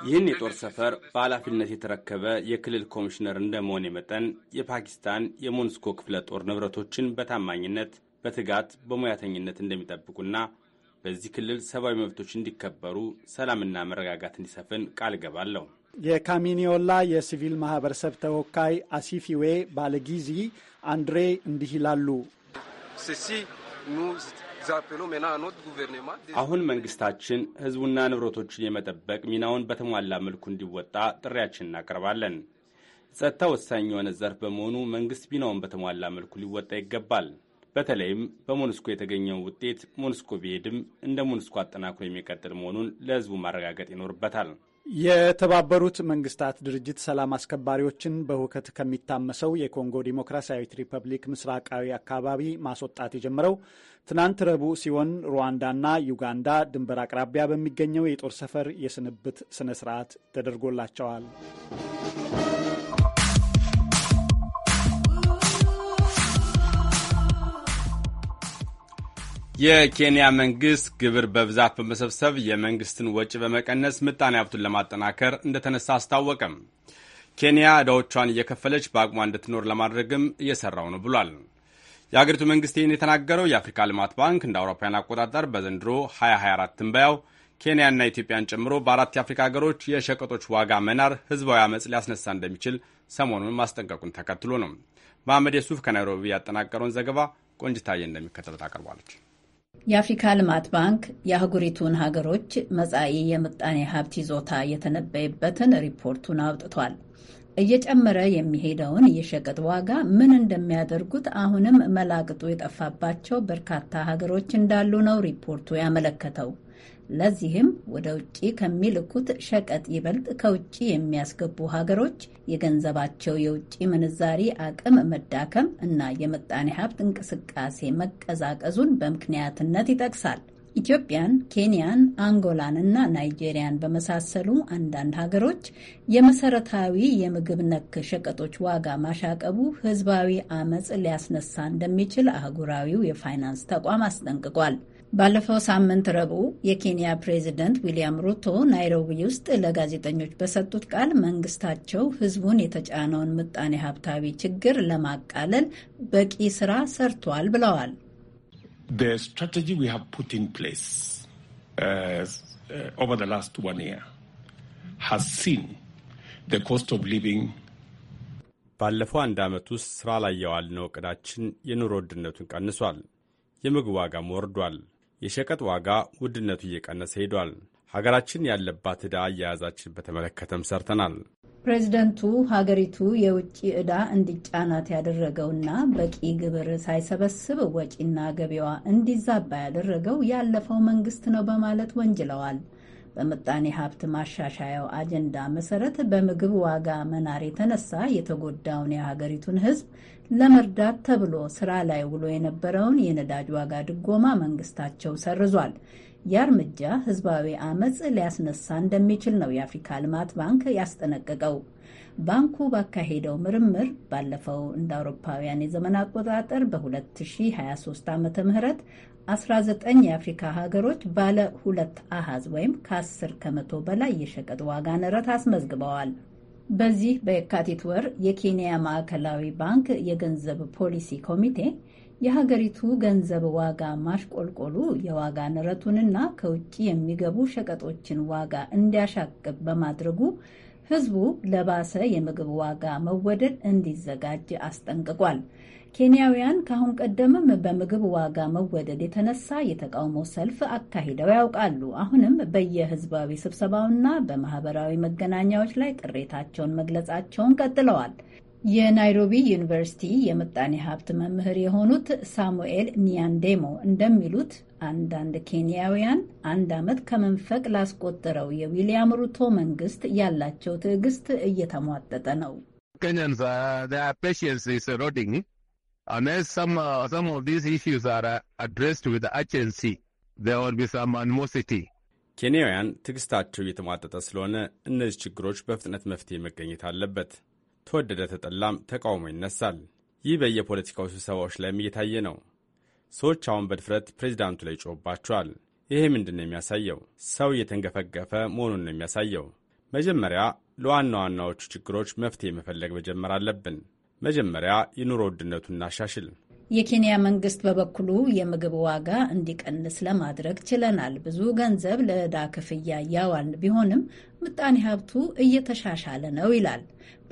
ይህን የጦር ሰፈር በኃላፊነት የተረከበ የክልል ኮሚሽነር እንደመሆን የመጠን የፓኪስታን የሞንስኮ ክፍለ ጦር ንብረቶችን በታማኝነት በትጋት በሙያተኝነት እንደሚጠብቁና በዚህ ክልል ሰብአዊ መብቶች እንዲከበሩ ሰላምና መረጋጋት እንዲሰፍን ቃል ገባለሁ። የካሚኒዮላ የሲቪል ማህበረሰብ ተወካይ አሲፊዌ ባለጊዜ አንድሬ እንዲህ ይላሉ። አሁን መንግስታችን ህዝቡና ንብረቶችን የመጠበቅ ሚናውን በተሟላ መልኩ እንዲወጣ ጥሪያችን እናቀርባለን። ጸጥታ ወሳኝ የሆነ ዘርፍ በመሆኑ መንግስት ሚናውን በተሟላ መልኩ ሊወጣ ይገባል። በተለይም በሞንስኮ የተገኘው ውጤት ሞንስኮ ቢሄድም እንደ ሞንስኮ አጠናክሮ የሚቀጥል መሆኑን ለህዝቡ ማረጋገጥ ይኖርበታል። የተባበሩት መንግስታት ድርጅት ሰላም አስከባሪዎችን በሁከት ከሚታመሰው የኮንጎ ዲሞክራሲያዊት ሪፐብሊክ ምስራቃዊ አካባቢ ማስወጣት የጀመረው ትናንት ረቡዕ ሲሆን ሩዋንዳና ዩጋንዳ ድንበር አቅራቢያ በሚገኘው የጦር ሰፈር የስንብት ስነ ስርዓት ተደርጎላቸዋል። የኬንያ መንግስት ግብር በብዛት በመሰብሰብ የመንግስትን ወጪ በመቀነስ ምጣኔ ሀብቱን ለማጠናከር እንደተነሳ አስታወቀም። ኬንያ እዳዎቿን እየከፈለች በአቅሟ እንድትኖር ለማድረግም እየሰራው ነው ብሏል። የአገሪቱ መንግስት ይህን የተናገረው የአፍሪካ ልማት ባንክ እንደ አውሮፓውያን አቆጣጠር በዘንድሮ 2024 ትንበያው ኬንያና ኢትዮጵያን ጨምሮ በአራት የአፍሪካ ሀገሮች የሸቀጦች ዋጋ መናር ህዝባዊ አመፅ ሊያስነሳ እንደሚችል ሰሞኑን ማስጠንቀቁን ተከትሎ ነው። መሐመድ የሱፍ ከናይሮቢ ያጠናቀረውን ዘገባ ቆንጅታዬ እንደሚከተለው ታቀርባለች። የአፍሪካ ልማት ባንክ የአህጉሪቱን ሀገሮች መጻኢ የምጣኔ ሀብት ይዞታ የተነበየበትን ሪፖርቱን አውጥቷል። እየጨመረ የሚሄደውን የሸቀጥ ዋጋ ምን እንደሚያደርጉት አሁንም መላቅጡ የጠፋባቸው በርካታ ሀገሮች እንዳሉ ነው ሪፖርቱ ያመለከተው። ለዚህም ወደ ውጭ ከሚልኩት ሸቀጥ ይበልጥ ከውጭ የሚያስገቡ ሀገሮች የገንዘባቸው የውጭ ምንዛሪ አቅም መዳከም እና የምጣኔ ሀብት እንቅስቃሴ መቀዛቀዙን በምክንያትነት ይጠቅሳል። ኢትዮጵያን፣ ኬንያን፣ አንጎላን እና ናይጄሪያን በመሳሰሉ አንዳንድ ሀገሮች የመሰረታዊ የምግብ ነክ ሸቀጦች ዋጋ ማሻቀቡ ህዝባዊ አመጽ ሊያስነሳ እንደሚችል አህጉራዊው የፋይናንስ ተቋም አስጠንቅቋል። ባለፈው ሳምንት ረቡዕ የኬንያ ፕሬዚደንት ዊሊያም ሩቶ ናይሮቢ ውስጥ ለጋዜጠኞች በሰጡት ቃል መንግስታቸው ህዝቡን የተጫነውን ምጣኔ ሀብታዊ ችግር ለማቃለል በቂ ስራ ሰርቷል ብለዋል። uh, uh, ባለፈው አንድ ዓመት ውስጥ ስራ ላይ የዋልነው እቅዳችን የኑሮ ውድነቱን ቀንሷል። የምግብ ዋጋም ወርዷል። የሸቀጥ ዋጋ ውድነቱ እየቀነሰ ሄዷል። ሀገራችን ያለባት ዕዳ አያያዛችን በተመለከተም ሰርተናል። ፕሬዚደንቱ ሀገሪቱ የውጭ ዕዳ እንዲጫናት ያደረገውና በቂ ግብር ሳይሰበስብ ወጪና ገቢዋ እንዲዛባ ያደረገው ያለፈው መንግስት ነው በማለት ወንጅለዋል። በምጣኔ ሀብት ማሻሻያው አጀንዳ መሰረት በምግብ ዋጋ መናር የተነሳ የተጎዳውን የሀገሪቱን ሕዝብ ለመርዳት ተብሎ ስራ ላይ ውሎ የነበረውን የነዳጅ ዋጋ ድጎማ መንግስታቸው ሰርዟል። ያ እርምጃ ህዝባዊ አመፅ ሊያስነሳ እንደሚችል ነው የአፍሪካ ልማት ባንክ ያስጠነቀቀው። ባንኩ ባካሄደው ምርምር ባለፈው እንደ አውሮፓውያን የዘመን አቆጣጠር በ2023 ዓ ም 19 የአፍሪካ ሀገሮች ባለ ሁለት አሃዝ ወይም ከ10 ከመቶ በላይ የሸቀጥ ዋጋ ንረት አስመዝግበዋል። በዚህ በየካቲት ወር የኬንያ ማዕከላዊ ባንክ የገንዘብ ፖሊሲ ኮሚቴ የሀገሪቱ ገንዘብ ዋጋ ማሽቆልቆሉ የዋጋ ንረቱንና ከውጭ የሚገቡ ሸቀጦችን ዋጋ እንዲያሻቅብ በማድረጉ ህዝቡ ለባሰ የምግብ ዋጋ መወደድ እንዲዘጋጅ አስጠንቅቋል። ኬንያውያን ከአሁን ቀደምም በምግብ ዋጋ መወደድ የተነሳ የተቃውሞ ሰልፍ አካሂደው ያውቃሉ። አሁንም በየህዝባዊ ስብሰባውና በማህበራዊ መገናኛዎች ላይ ቅሬታቸውን መግለጻቸውን ቀጥለዋል። የናይሮቢ ዩኒቨርሲቲ የምጣኔ ሀብት መምህር የሆኑት ሳሙኤል ኒያንዴሞ እንደሚሉት አንዳንድ ኬንያውያን አንድ ዓመት ከመንፈቅ ላስቆጠረው የዊልያም ሩቶ መንግስት ያላቸው ትዕግስት እየተሟጠጠ ነው። uh, uh, ኬንያውያን ትዕግስታቸው እየተሟጠጠ ስለሆነ እነዚህ ችግሮች በፍጥነት መፍትሄ መገኘት አለበት። ተወደደ ተጠላም ተቃውሞ ይነሳል። ይህ በየፖለቲካው ስብሰባዎች ላይም እየታየ ነው። ሰዎች አሁን በድፍረት ፕሬዚዳንቱ ላይ ጮባቸዋል። ይሄ ምንድን ነው የሚያሳየው? ሰው እየተንገፈገፈ መሆኑን ነው የሚያሳየው። መጀመሪያ ለዋና ዋናዎቹ ችግሮች መፍትሄ መፈለግ መጀመር አለብን። መጀመሪያ የኑሮ ውድነቱን እናሻሽል። የኬንያ መንግስት በበኩሉ የምግብ ዋጋ እንዲቀንስ ለማድረግ ችለናል፣ ብዙ ገንዘብ ለዕዳ ክፍያ እያዋልን ቢሆንም ምጣኔ ሀብቱ እየተሻሻለ ነው ይላል።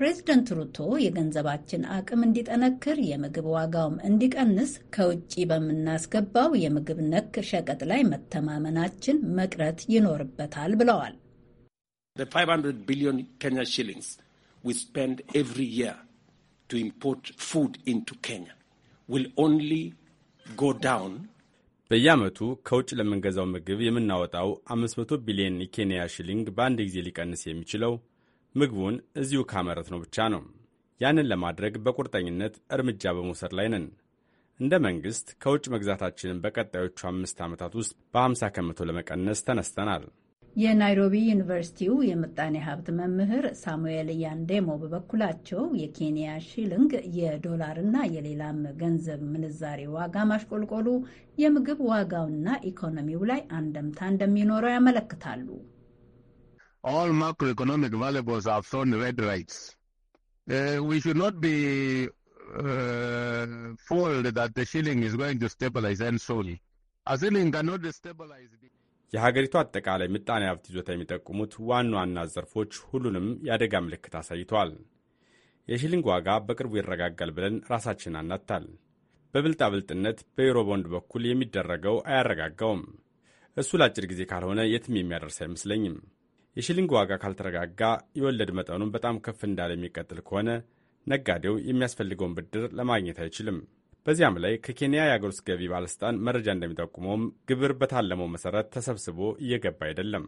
ፕሬዚደንት ሩቶ የገንዘባችን አቅም እንዲጠነክር የምግብ ዋጋውም እንዲቀንስ ከውጭ በምናስገባው የምግብ ነክ ሸቀጥ ላይ መተማመናችን መቅረት ይኖርበታል ብለዋል። ኬንያ ዊል ኦንሊ go down በየዓመቱ ከውጭ ለምንገዛው ምግብ የምናወጣው 500 ቢሊዮን የኬንያ ሽሊንግ በአንድ ጊዜ ሊቀንስ የሚችለው ምግቡን እዚሁ ካመረት ነው ብቻ ነው። ያንን ለማድረግ በቁርጠኝነት እርምጃ በመውሰድ ላይ ነን። እንደ መንግሥት ከውጭ መግዛታችንን በቀጣዮቹ አምስት ዓመታት ውስጥ በ50 ከመቶ ለመቀነስ ተነስተናል። የናይሮቢ ዩኒቨርሲቲው የምጣኔ ሀብት መምህር ሳሙኤል ያንዴሞ በበኩላቸው የኬንያ ሺልንግ የዶላርና የሌላም ገንዘብ ምንዛሬ ዋጋ ማሽቆልቆሉ የምግብ ዋጋውና ኢኮኖሚው ላይ አንደምታ እንደሚኖረው ያመለክታሉ። All macroeconomic variables have shown red lights. Uh, we should not be uh, fooled that the shilling is going to stabilize and solely. A shilling cannot destabilize. የሀገሪቱ አጠቃላይ ምጣኔ ሀብት ይዞታ የሚጠቁሙት ዋና ዋና ዘርፎች ሁሉንም የአደጋ ምልክት አሳይተዋል። የሺሊንግ ዋጋ በቅርቡ ይረጋጋል ብለን ራሳችን አናታል። በብልጣብልጥነት በዩሮቦንድ ቦንድ በኩል የሚደረገው አያረጋጋውም። እሱ ለአጭር ጊዜ ካልሆነ የትም የሚያደርስ አይመስለኝም። የሺሊንግ ዋጋ ካልተረጋጋ፣ የወለድ መጠኑን በጣም ከፍ እንዳለ የሚቀጥል ከሆነ ነጋዴው የሚያስፈልገውን ብድር ለማግኘት አይችልም። በዚያም ላይ ከኬንያ የአገር ውስጥ ገቢ ባለስልጣን መረጃ እንደሚጠቁመውም ግብር በታለመው መሰረት ተሰብስቦ እየገባ አይደለም።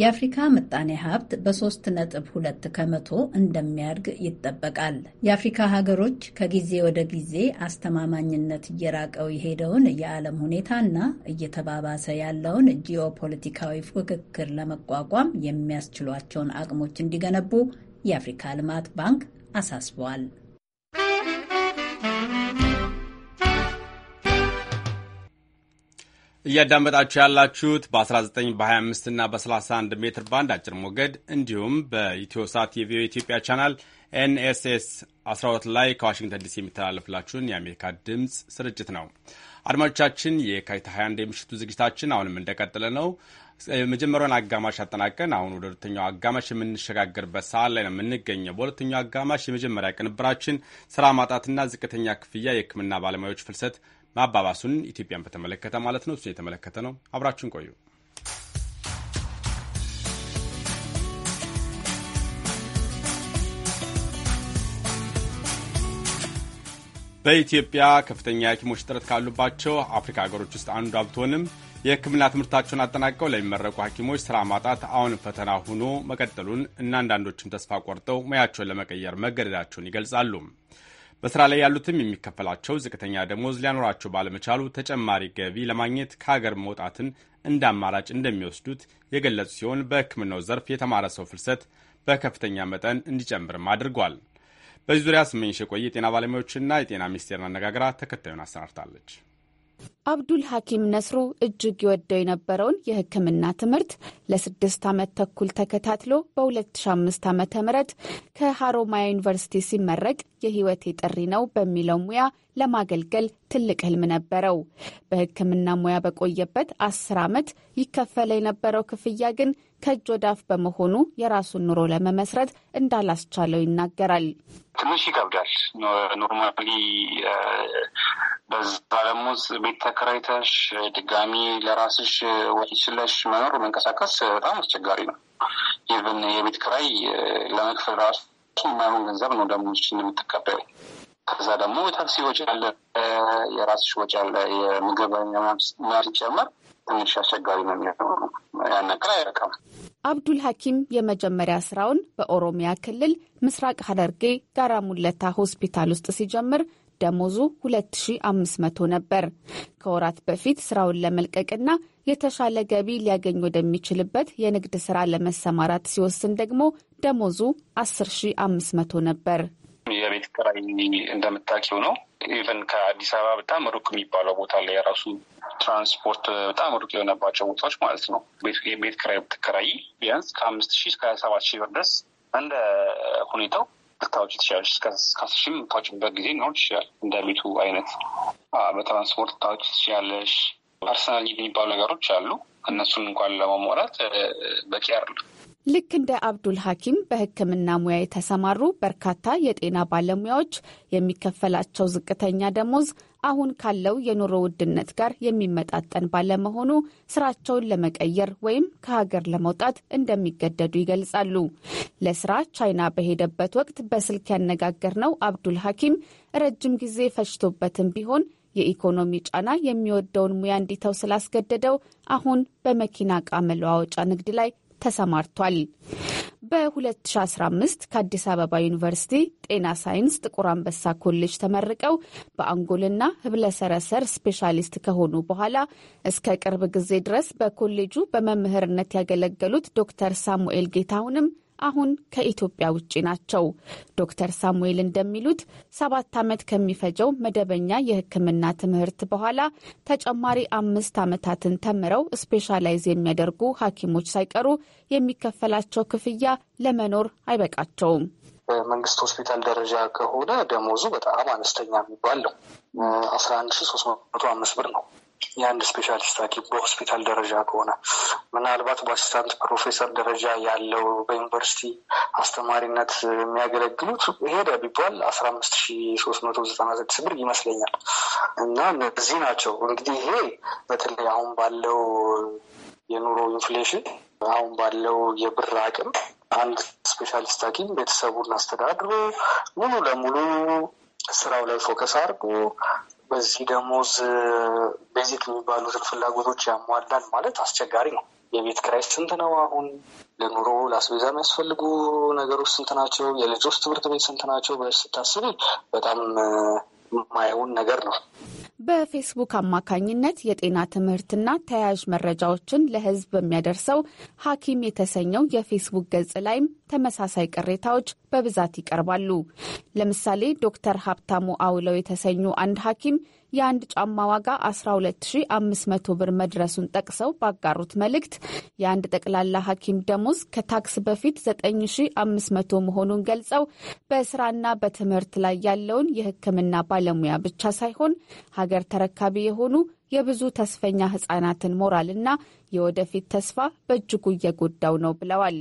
የአፍሪካ ምጣኔ ሀብት በሶስት ነጥብ ሁለት ከመቶ እንደሚያድግ ይጠበቃል። የአፍሪካ ሀገሮች ከጊዜ ወደ ጊዜ አስተማማኝነት እየራቀው የሄደውን የዓለም ሁኔታና እየተባባሰ ያለውን ጂኦፖለቲካዊ ፉክክር ለመቋቋም የሚያስችሏቸውን አቅሞች እንዲገነቡ የአፍሪካ ልማት ባንክ አሳስበዋል። እያዳመጣችሁ ያላችሁት በ19 በ25 እና በ31 ሜትር ባንድ አጭር ሞገድ እንዲሁም በኢትዮሳት የቪኦኤ ኢትዮጵያ ቻናል ኤንኤስኤስ 12 ላይ ከዋሽንግተን ዲሲ የሚተላለፍላችሁን የአሜሪካ ድምፅ ስርጭት ነው። አድማጮቻችን የካቲት 21 የምሽቱ ዝግጅታችን አሁንም እንደቀጠለ ነው። የመጀመሪያውን አጋማሽ አጠናቀን አሁን ወደ ሁለተኛው አጋማሽ የምንሸጋገርበት ሰዓት ላይ ነው የምንገኘው። በሁለተኛው አጋማሽ የመጀመሪያ ቅንብራችን ስራ ማጣትና ዝቅተኛ ክፍያ የሕክምና ባለሙያዎች ፍልሰት ማባባሱን ኢትዮጵያን በተመለከተ ማለት ነው። እሱ የተመለከተ ነው። አብራችን ቆዩ። በኢትዮጵያ ከፍተኛ የሐኪሞች እጥረት ካሉባቸው አፍሪካ ሀገሮች ውስጥ አንዷ ብትሆንም የሕክምና ትምህርታቸውን አጠናቀው ለሚመረቁ ሐኪሞች ስራ ማጣት አሁን ፈተና ሆኖ መቀጠሉን እና አንዳንዶችም ተስፋ ቆርጠው ሙያቸውን ለመቀየር መገደዳቸውን ይገልጻሉ። በስራ ላይ ያሉትም የሚከፈላቸው ዝቅተኛ ደሞዝ ሊያኖራቸው ባለመቻሉ ተጨማሪ ገቢ ለማግኘት ከሀገር መውጣትን እንደ አማራጭ እንደሚወስዱት የገለጹ ሲሆን በሕክምናው ዘርፍ የተማረ ሰው ፍልሰት በከፍተኛ መጠን እንዲጨምርም አድርጓል። በዚህ ዙሪያ ስመኝሽ የቆየ የጤና ባለሙያዎችና የጤና ሚኒስቴርን አነጋግራ ተከታዩን አሰናድታለች። አብዱል ሐኪም ነስሩ እጅግ ይወደው የነበረውን የሕክምና ትምህርት ለስድስት ዓመት ተኩል ተከታትሎ በ2005 ዓ ም ከሀሮማያ ዩኒቨርሲቲ ሲመረቅ የህይወቴ ጥሪ ነው በሚለው ሙያ ለማገልገል ትልቅ ህልም ነበረው። በሕክምና ሙያ በቆየበት አስር ዓመት ይከፈለ የነበረው ክፍያ ግን ከእጅ ወዳፍ በመሆኑ የራሱን ኑሮ ለመመስረት እንዳላስቻለው ይናገራል። ትንሽ ይከብዳል። ኖርማሊ በዛ ደግሞ ቤት ተከራይተሽ ድጋሚ ለራስሽ ወጪ ስለሽ መኖር መንቀሳቀስ በጣም አስቸጋሪ ነው። ይህን የቤት ክራይ ለመክፈል ራሱ የማይሆን ገንዘብ ነው ደሞች እንደምትቀበዩ። ከዛ ደግሞ ታክሲ ወጪ አለ፣ የራስሽ ወጪ አለ፣ የምግብ ማር ሲጨመር ትንሽ አስቸጋሪ ነው የሚሆነው። ያነቅል አይረቀም። አብዱል ሐኪም የመጀመሪያ ስራውን በኦሮሚያ ክልል ምስራቅ ሐረርጌ ጋራ ሙለታ ሆስፒታል ውስጥ ሲጀምር ደሞዙ 2500 ነበር። ከወራት በፊት ስራውን ለመልቀቅና የተሻለ ገቢ ሊያገኝ ወደሚችልበት የንግድ ስራ ለመሰማራት ሲወስን ደግሞ ደሞዙ 10500 ነበር። የቤት ኪራይ እንደምታውቂው ነው። ኢቨን ከአዲስ አበባ በጣም ሩቅ የሚባለው ቦታ ላይ የራሱ ትራንስፖርት በጣም ሩቅ የሆነባቸው ቦታዎች ማለት ነው። የቤት ኪራይ ብትከራይ ቢያንስ ከአምስት ሺህ እስከ ሰባት ሺህ ብር ድረስ እንደ ሁኔታው ልታወጭ ትችላለች። እስከስሽም ልታወጭበት ጊዜ ሊኖር ትችላል። እንደ ቤቱ አይነት በትራንስፖርት ልታወጭ ትችላለች። ፐርሰናል ኒድ የሚባሉ ነገሮች አሉ። እነሱን እንኳን ለመሟላት በቂ አይደለም። ልክ እንደ አብዱል ሐኪም በሕክምና ሙያ የተሰማሩ በርካታ የጤና ባለሙያዎች የሚከፈላቸው ዝቅተኛ ደሞዝ አሁን ካለው የኑሮ ውድነት ጋር የሚመጣጠን ባለመሆኑ ስራቸውን ለመቀየር ወይም ከሀገር ለመውጣት እንደሚገደዱ ይገልጻሉ። ለስራ ቻይና በሄደበት ወቅት በስልክ ያነጋገር ነው አብዱል ሐኪም ረጅም ጊዜ ፈጅቶበትም ቢሆን የኢኮኖሚ ጫና የሚወደውን ሙያ እንዲተው ስላስገደደው አሁን በመኪና ዕቃ መለዋወጫ ንግድ ላይ ተሰማርቷል። በ2015 ከአዲስ አበባ ዩኒቨርሲቲ ጤና ሳይንስ ጥቁር አንበሳ ኮሌጅ ተመርቀው በአንጎልና ህብለሰረሰር ስፔሻሊስት ከሆኑ በኋላ እስከ ቅርብ ጊዜ ድረስ በኮሌጁ በመምህርነት ያገለገሉት ዶክተር ሳሙኤል ጌታሁንም አሁን ከኢትዮጵያ ውጪ ናቸው። ዶክተር ሳሙኤል እንደሚሉት ሰባት ዓመት ከሚፈጀው መደበኛ የሕክምና ትምህርት በኋላ ተጨማሪ አምስት ዓመታትን ተምረው ስፔሻላይዝ የሚያደርጉ ሐኪሞች ሳይቀሩ የሚከፈላቸው ክፍያ ለመኖር አይበቃቸውም። በመንግስት ሆስፒታል ደረጃ ከሆነ ደሞዙ በጣም አነስተኛ የሚባል ነው። አስራ አንድ ሺ ሶስት መቶ አምስት ብር ነው። የአንድ ስፔሻሊስት ሐኪም በሆስፒታል ደረጃ ከሆነ ምናልባት በአሲስታንት ፕሮፌሰር ደረጃ ያለው በዩኒቨርሲቲ አስተማሪነት የሚያገለግሉት ሄደ ቢባል አስራ አምስት ሺ ሶስት መቶ ዘጠና ስድስት ብር ይመስለኛል እና እነዚህ ናቸው እንግዲህ ይሄ በተለይ አሁን ባለው የኑሮ ኢንፍሌሽን አሁን ባለው የብር አቅም አንድ ስፔሻሊስት ሐኪም ቤተሰቡን አስተዳድሮ ሙሉ ለሙሉ ስራው ላይ ፎከስ አድርጎ በዚህ ደሞዝ ቤዚክ የሚባሉትን ፍላጎቶች ያሟላል ማለት አስቸጋሪ ነው። የቤት ኪራይ ስንት ነው? አሁን ለኑሮ ለአስቤዛ የሚያስፈልጉ ነገሮች ስንት ናቸው? የልጆች ትምህርት ቤት ስንት ናቸው? በስታስቢ በጣም የማይሆን ነገር ነው። በፌስቡክ አማካኝነት የጤና ትምህርትና ተያያዥ መረጃዎችን ለሕዝብ በሚያደርሰው ሐኪም የተሰኘው የፌስቡክ ገጽ ላይም ተመሳሳይ ቅሬታዎች በብዛት ይቀርባሉ። ለምሳሌ ዶክተር ሀብታሙ አውለው የተሰኙ አንድ ሐኪም የአንድ ጫማ ዋጋ 12500 ብር መድረሱን ጠቅሰው ባጋሩት መልእክት የአንድ ጠቅላላ ሐኪም ደሞዝ ከታክስ በፊት 9500 መሆኑን ገልጸው በስራና በትምህርት ላይ ያለውን የሕክምና ባለሙያ ብቻ ሳይሆን ሀገር ተረካቢ የሆኑ የብዙ ተስፈኛ ህጻናትን ሞራልና የወደፊት ተስፋ በእጅጉ እየጎዳው ነው ብለዋል።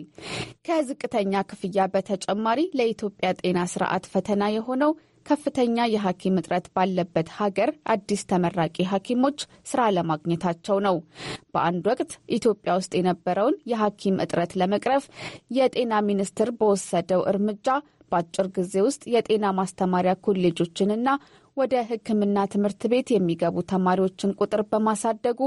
ከዝቅተኛ ክፍያ በተጨማሪ ለኢትዮጵያ ጤና ስርዓት ፈተና የሆነው ከፍተኛ የሐኪም እጥረት ባለበት ሀገር አዲስ ተመራቂ ሐኪሞች ስራ ለማግኘታቸው ነው። በአንድ ወቅት ኢትዮጵያ ውስጥ የነበረውን የሐኪም እጥረት ለመቅረፍ የጤና ሚኒስቴር በወሰደው እርምጃ በአጭር ጊዜ ውስጥ የጤና ማስተማሪያ ኮሌጆችንና ወደ ሕክምና ትምህርት ቤት የሚገቡ ተማሪዎችን ቁጥር በማሳደጉ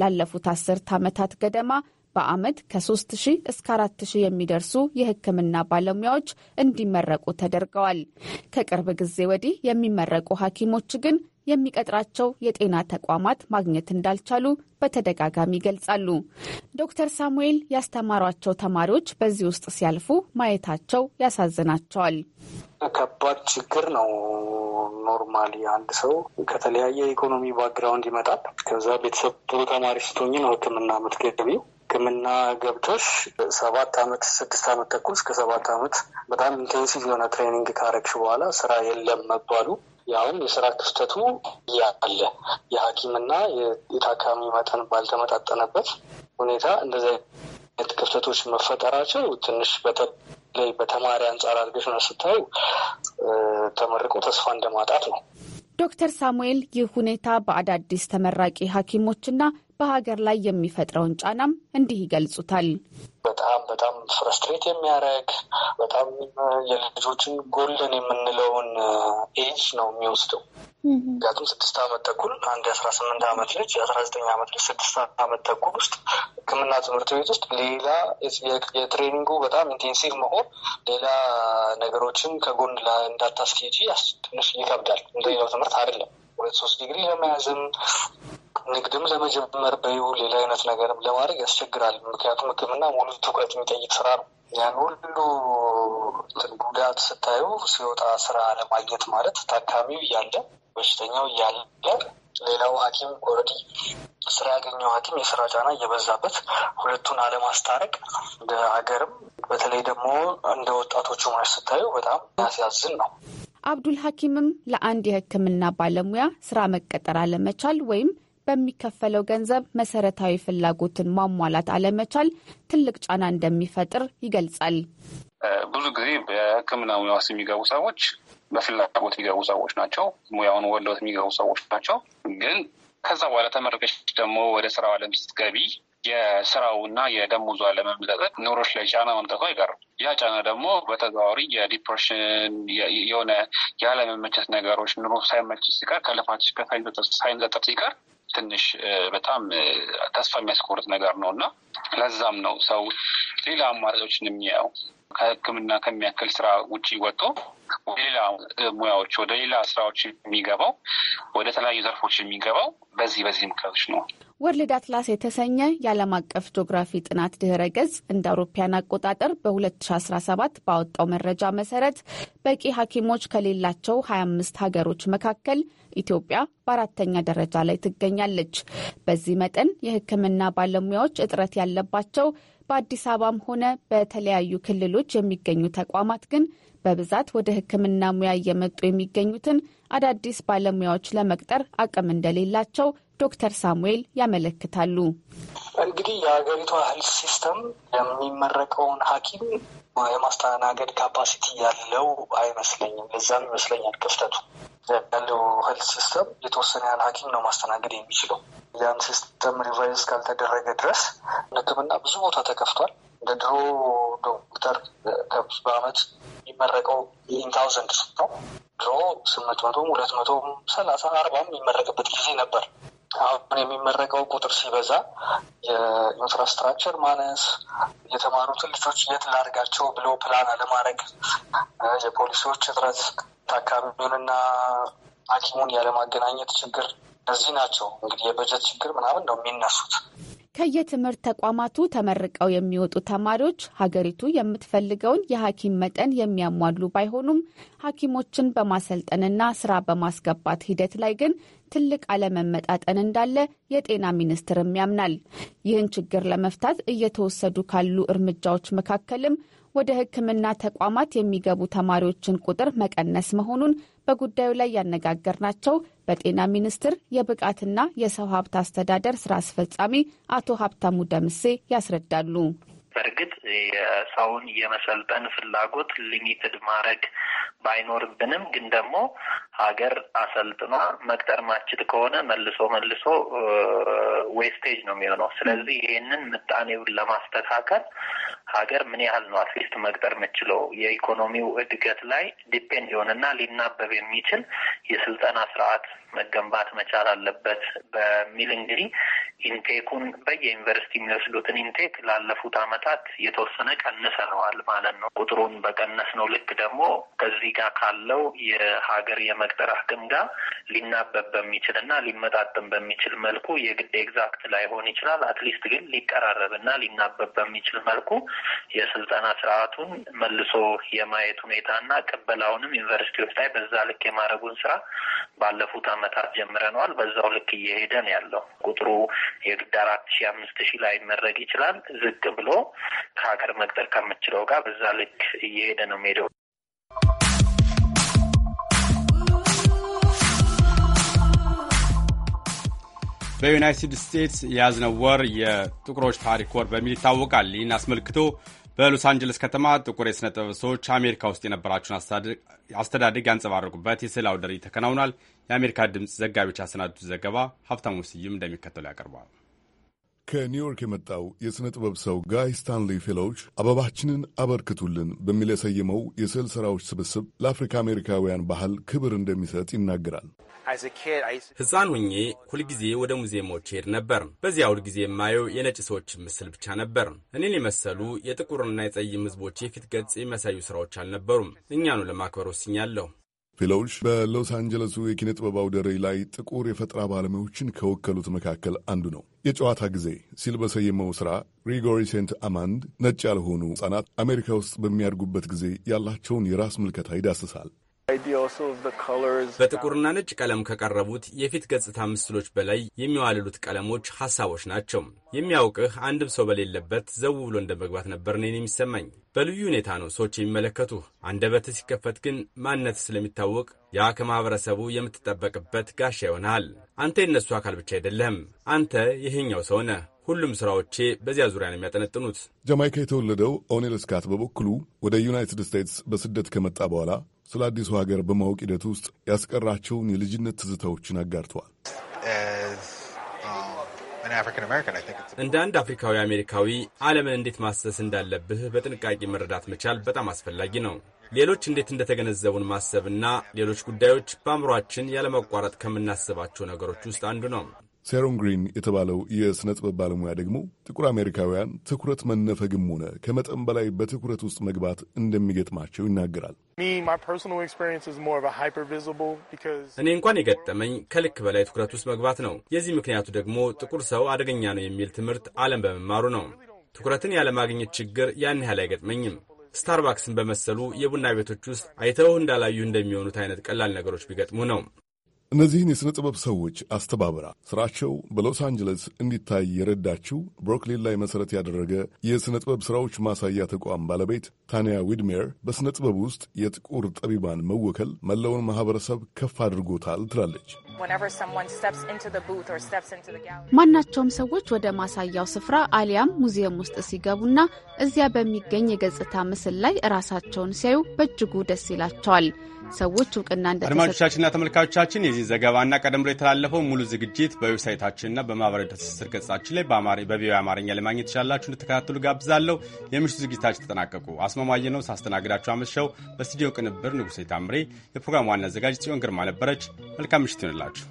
ላለፉት አስርት ዓመታት ገደማ በአመት ከ3 እስከ 4 ሺህ የሚደርሱ የሕክምና ባለሙያዎች እንዲመረቁ ተደርገዋል። ከቅርብ ጊዜ ወዲህ የሚመረቁ ሐኪሞች ግን የሚቀጥራቸው የጤና ተቋማት ማግኘት እንዳልቻሉ በተደጋጋሚ ይገልጻሉ። ዶክተር ሳሙኤል ያስተማሯቸው ተማሪዎች በዚህ ውስጥ ሲያልፉ ማየታቸው ያሳዝናቸዋል። ከባድ ችግር ነው። ኖርማሊ አንድ ሰው ከተለያየ ኢኮኖሚ ባክግራውንድ ይመጣል። ከዛ ቤተሰብ ጥሩ ተማሪ ስትሆኝ ነው ሕክምና የምትገቢው ሕክምና ገብቶች ሰባት አመት ስድስት አመት ተኩል እስከ ሰባት አመት በጣም ኢንቴንሲቭ የሆነ ትሬኒንግ ካረግሽ በኋላ ስራ የለም መባሉ ያውም የስራ ክፍተቱ ያለ የሀኪምና የታካሚ መጠን ባልተመጣጠነበት ሁኔታ እንደዚህ አይነት ክፍተቶች መፈጠራቸው ትንሽ በተለይ በተማሪ አንጻር አድርገሽ ነው ስታዩ ተመርቆ ተስፋ እንደማጣት ነው። ዶክተር ሳሙኤል ይህ ሁኔታ በአዳዲስ ተመራቂ ሐኪሞችና በሀገር ላይ የሚፈጥረውን ጫናም እንዲህ ይገልጹታል። በጣም በጣም ፍረስትሬት የሚያደርግ በጣም የልጆችን ጎልደን የምንለውን ኤጅ ነው የሚወስደው። ምክንያቱም ስድስት ዓመት ተኩል አንድ የአስራ ስምንት ዓመት ልጅ የአስራ ዘጠኝ ዓመት ልጅ ስድስት ዓመት ተኩል ውስጥ ሕክምና ትምህርት ቤት ውስጥ ሌላ የትሬኒንጉ በጣም ኢንቴንሲቭ መሆን ሌላ ነገሮችን ከጎን እንዳታስኬጂ ትንሽ ይከብዳል። እንደሌላው ትምህርት አይደለም። ሁለት ሶስት ዲግሪ ለመያዝም ንግድም ለመጀመር በይሁ ሌላ አይነት ነገርም ለማድረግ ያስቸግራል። ምክንያቱም ሕክምና ሙሉ ትኩረት የሚጠይቅ ስራ ነው። ያን ሁሉ ጉዳት ስታዩ ሲወጣ ስራ ለማግኘት ማለት ታካሚው እያለ በሽተኛው እያለ ሌላው ሐኪም ኦልሬዲ ስራ ያገኘው ሐኪም የስራ ጫና እየበዛበት ሁለቱን አለማስታረቅ እንደ ሀገርም በተለይ ደግሞ እንደ ወጣቶቹ ማለት ስታዩ በጣም ያስያዝን ነው። አብዱል ሐኪምም ለአንድ የህክምና ባለሙያ ስራ መቀጠር አለመቻል ወይም በሚከፈለው ገንዘብ መሰረታዊ ፍላጎትን ማሟላት አለመቻል ትልቅ ጫና እንደሚፈጥር ይገልጻል። ብዙ ጊዜ በሕክምና ሙያ ውስጥ የሚገቡ ሰዎች በፍላጎት የሚገቡ ሰዎች ናቸው። ሙያውን ወዶት የሚገቡ ሰዎች ናቸው። ግን ከዛ በኋላ ተመረቀች ደግሞ ወደ ስራው አለም ስትገቢ የስራውና የደሞዙ አለመመጣጠን ኑሮች ላይ ጫና መምጣቱ አይቀርም። ያ ጫና ደግሞ በተዘዋዋሪ የዲፕሬሽን የሆነ ያለመመቸት ነገሮች ኑሮ ሳይመች ሲቀር ከልፋት ሳይንጠጠር ሲቀር ትንሽ በጣም ተስፋ የሚያስቆርጥ ነገር ነው እና ለዛም ነው ሰው ሌላ አማራጮችን የሚያየው ከሕክምና ከሚያክል ስራ ውጭ ወጥቶ ወደ ሌላ ሙያዎች ወደ ሌላ ስራዎች የሚገባው ወደ ተለያዩ ዘርፎች የሚገባው በዚህ በዚህ ምክንያቶች ነው። ወርልድ አትላስ የተሰኘ የዓለም አቀፍ ጂኦግራፊ ጥናት ድህረ ገጽ እንደ አውሮፓያን አቆጣጠር በ2017 ባወጣው መረጃ መሰረት በቂ ሐኪሞች ከሌላቸው 25 ሀገሮች መካከል ኢትዮጵያ በአራተኛ ደረጃ ላይ ትገኛለች። በዚህ መጠን የሕክምና ባለሙያዎች እጥረት ያለባቸው በአዲስ አበባም ሆነ በተለያዩ ክልሎች የሚገኙ ተቋማት ግን በብዛት ወደ ሕክምና ሙያ እየመጡ የሚገኙትን አዳዲስ ባለሙያዎች ለመቅጠር አቅም እንደሌላቸው ዶክተር ሳሙኤል ያመለክታሉ። እንግዲህ የሀገሪቷ ሄልት ሲስተም የሚመረቀውን ሐኪም የማስተናገድ ካፓሲቲ ያለው አይመስለኝም። ለዛም ይመስለኛል ክፍተቱ ያለው ሄልት ሲስተም የተወሰነ ያህል ሐኪም ነው ማስተናገድ የሚችለው። ያን ሲስተም ሪቫይዝ ካልተደረገ ድረስ ሕክምና ብዙ ቦታ ተከፍቷል። እንደ ድሮ ዶክተር በአመት የሚመረቀው ኢንታውዘንድ ነው። ድሮ ስምንት መቶም ሁለት መቶም ሰላሳ አርባም የሚመረቅበት ጊዜ ነበር። አሁን የሚመረቀው ቁጥር ሲበዛ የኢንፍራስትራክቸር ማነስ፣ የተማሩትን ልጆች የት ላድርጋቸው ብሎ ፕላን አለማድረግ፣ የፖሊሲዎች እጥረት ታካሚውንና ሐኪሙን ያለማገናኘት ችግር እነዚህ ናቸው እንግዲህ የበጀት ችግር ምናምን ነው የሚነሱት። ከየትምህርት ተቋማቱ ተመርቀው የሚወጡ ተማሪዎች ሀገሪቱ የምትፈልገውን የሐኪም መጠን የሚያሟሉ ባይሆኑም ሐኪሞችን በማሰልጠንና ስራ በማስገባት ሂደት ላይ ግን ትልቅ አለመመጣጠን እንዳለ የጤና ሚኒስትርም ያምናል። ይህን ችግር ለመፍታት እየተወሰዱ ካሉ እርምጃዎች መካከልም ወደ ሕክምና ተቋማት የሚገቡ ተማሪዎችን ቁጥር መቀነስ መሆኑን በጉዳዩ ላይ ያነጋገርናቸው በጤና ሚኒስቴር የብቃትና የሰው ሀብት አስተዳደር ስራ አስፈጻሚ አቶ ሀብታሙ ደምሴ ያስረዳሉ። በእርግጥ የሰውን የመሰልጠን ፍላጎት ሊሚትድ ማድረግ ባይኖርብንም ግን ደግሞ ሀገር አሰልጥና መቅጠር ማችል ከሆነ መልሶ መልሶ ዌስቴጅ ነው የሚሆነው። ስለዚህ ይሄንን ምጣኔውን ለማስተካከል ሀገር ምን ያህል ነው አትሊስት መቅጠር የምችለው የኢኮኖሚው እድገት ላይ ዲፔንድ የሆነና ሊናበብ የሚችል የስልጠና ስርዓት መገንባት መቻል አለበት በሚል እንግዲህ ኢንቴኩን በየዩኒቨርሲቲ የሚወስዱትን ኢንቴክ ላለፉት አመታት የተወሰነ ቀንሰነዋል ማለት ነው። ቁጥሩን በቀነስ ነው ልክ ደግሞ ከዚህ ጋር ካለው የሀገር የመቅጠር አቅም ጋር ሊናበብ በሚችል እና ሊመጣጥም በሚችል መልኩ የግድ ኤግዛክት ላይሆን ይችላል። አትሊስት ግን ሊቀራረብ እና ሊናበብ በሚችል መልኩ የስልጠና ስርዓቱን መልሶ የማየት ሁኔታ እና ቅበላውንም ዩኒቨርሲቲዎች ላይ በዛ ልክ የማድረጉን ስራ ባለፉት ዓመታት ጀምረነዋል። በዛው ልክ እየሄደን ያለው ቁጥሩ የግድ አራት ሺ አምስት ሺ ላይ መድረግ ይችላል። ዝቅ ብሎ ከሀገር መቅጠር ከምችለው ጋር በዛ ልክ እየሄደ ነው የሚሄደው። በዩናይትድ ስቴትስ የያዝነው ወር የጥቁሮች ታሪክ ወር በሚል ይታወቃል። ይህን አስመልክቶ በሎስ አንጀለስ ከተማ ጥቁር የሥነ ጥበብ ሰዎች አሜሪካ ውስጥ የነበራቸውን አስተዳደግ ያንጸባረቁበት የስዕል አውደ ርዕይ ተከናውኗል። የአሜሪካ ድምፅ ዘጋቢዎች ያሰናዱት ዘገባ ሀብታሙ ስዩም እንደሚከተሉ ያቀርበዋል። ከኒውዮርክ የመጣው የሥነ ጥበብ ሰው ጋይ ስታንሊ ፌሎች አበባችንን አበርክቱልን በሚል የሰየመው የስዕል ሥራዎች ስብስብ ለአፍሪካ አሜሪካውያን ባህል ክብር እንደሚሰጥ ይናገራል። ሕፃን ሁኜ ሁልጊዜ ወደ ሙዚየሞች ሄድ ነበር። በዚያ ሁልጊዜ የማየው የነጭ ሰዎች ምስል ብቻ ነበር። እኔን የመሰሉ የጥቁርና የጸይም ሕዝቦች የፊት ገጽ የሚያሳዩ ሥራዎች አልነበሩም። እኛኑ ለማክበር ወስኛለሁ። ሌላውሽ በሎስ አንጀለሱ የኪነ ጥበብ አውደ ርዕይ ላይ ጥቁር የፈጠራ ባለሙያዎችን ከወከሉት መካከል አንዱ ነው። የጨዋታ ጊዜ ሲል በሰየመው ሥራ ግሪጎሪ ሴንት አማንድ ነጭ ያልሆኑ ሕጻናት አሜሪካ ውስጥ በሚያድጉበት ጊዜ ያላቸውን የራስ ምልከታ ይዳስሳል። በጥቁርና ነጭ ቀለም ከቀረቡት የፊት ገጽታ ምስሎች በላይ የሚዋልሉት ቀለሞች ሀሳቦች ናቸው። የሚያውቅህ አንድም ሰው በሌለበት ዘው ብሎ እንደ መግባት ነበር እኔን የሚሰማኝ። በልዩ ሁኔታ ነው ሰዎች የሚመለከቱህ። አንደበትህ ሲከፈት ግን ማንነት ስለሚታወቅ ያ ከማኅበረሰቡ የምትጠበቅበት ጋሻ ይሆናል። አንተ የነሱ አካል ብቻ አይደለህም። አንተ ይህኛው ሰው ነህ። ሁሉም ስራዎቼ በዚያ ዙሪያ ነው የሚያጠነጥኑት። ጃማይካ የተወለደው ኦኔል ስካት በበኩሉ ወደ ዩናይትድ ስቴትስ በስደት ከመጣ በኋላ ስለ አዲሱ ሀገር በማወቅ ሂደት ውስጥ ያስቀራቸውን የልጅነት ትዝታዎችን አጋርተዋል። እንደ አንድ አፍሪካዊ አሜሪካዊ ዓለምን እንዴት ማሰስ እንዳለብህ በጥንቃቄ መረዳት መቻል በጣም አስፈላጊ ነው። ሌሎች እንዴት እንደተገነዘቡን ማሰብና ሌሎች ጉዳዮች በአእምሯችን ያለመቋረጥ ከምናስባቸው ነገሮች ውስጥ አንዱ ነው። ሴሮን ግሪን የተባለው የሥነ ጥበብ ባለሙያ ደግሞ ጥቁር አሜሪካውያን ትኩረት መነፈግም ሆነ ከመጠን በላይ በትኩረት ውስጥ መግባት እንደሚገጥማቸው ይናገራል። እኔ እንኳን የገጠመኝ ከልክ በላይ ትኩረት ውስጥ መግባት ነው። የዚህ ምክንያቱ ደግሞ ጥቁር ሰው አደገኛ ነው የሚል ትምህርት ዓለም በመማሩ ነው። ትኩረትን ያለማግኘት ችግር ያን ያህል አይገጥመኝም። ስታርባክስን በመሰሉ የቡና ቤቶች ውስጥ አይተውህ እንዳላዩ እንደሚሆኑት አይነት ቀላል ነገሮች ቢገጥሙ ነው። እነዚህን የሥነ ጥበብ ሰዎች አስተባብራ ሥራቸው በሎስ አንጀለስ እንዲታይ የረዳችው ብሮክሊን ላይ መሠረት ያደረገ የሥነ ጥበብ ሥራዎች ማሳያ ተቋም ባለቤት ታንያ ዊድሜር በሥነ ጥበብ ውስጥ የጥቁር ጠቢባን መወከል መላውን ማኅበረሰብ ከፍ አድርጎታል ትላለች። ማናቸውም ሰዎች ወደ ማሳያው ስፍራ አሊያም ሙዚየም ውስጥ ሲገቡና እዚያ በሚገኝ የገጽታ ምስል ላይ ራሳቸውን ሲያዩ በእጅጉ ደስ ይላቸዋል። ሰዎች እውቅና እንደ አድማጮቻችንና ተመልካቾቻችን የዚህ ዘገባና ቀደም ብሎ የተላለፈው ሙሉ ዝግጅት በዌብሳይታችንና በማህበራዊ ትስስር ገጻችን ላይ በቪኦኤ አማርኛ ለማግኘት ይችላላችሁ። እንድትከታተሉ ጋብዛለሁ። የምሽቱ ዝግጅታችን ተጠናቀቁ። አስማማየ ነው ሳስተናግዳችሁ አመሻው። በስቱዲዮ ቅንብር ንጉሴ ታምሬ፣ የፕሮግራም ዋና አዘጋጅ ጽዮን ግርማ ነበረች። መልካም ምሽት ይሆንላችሁ።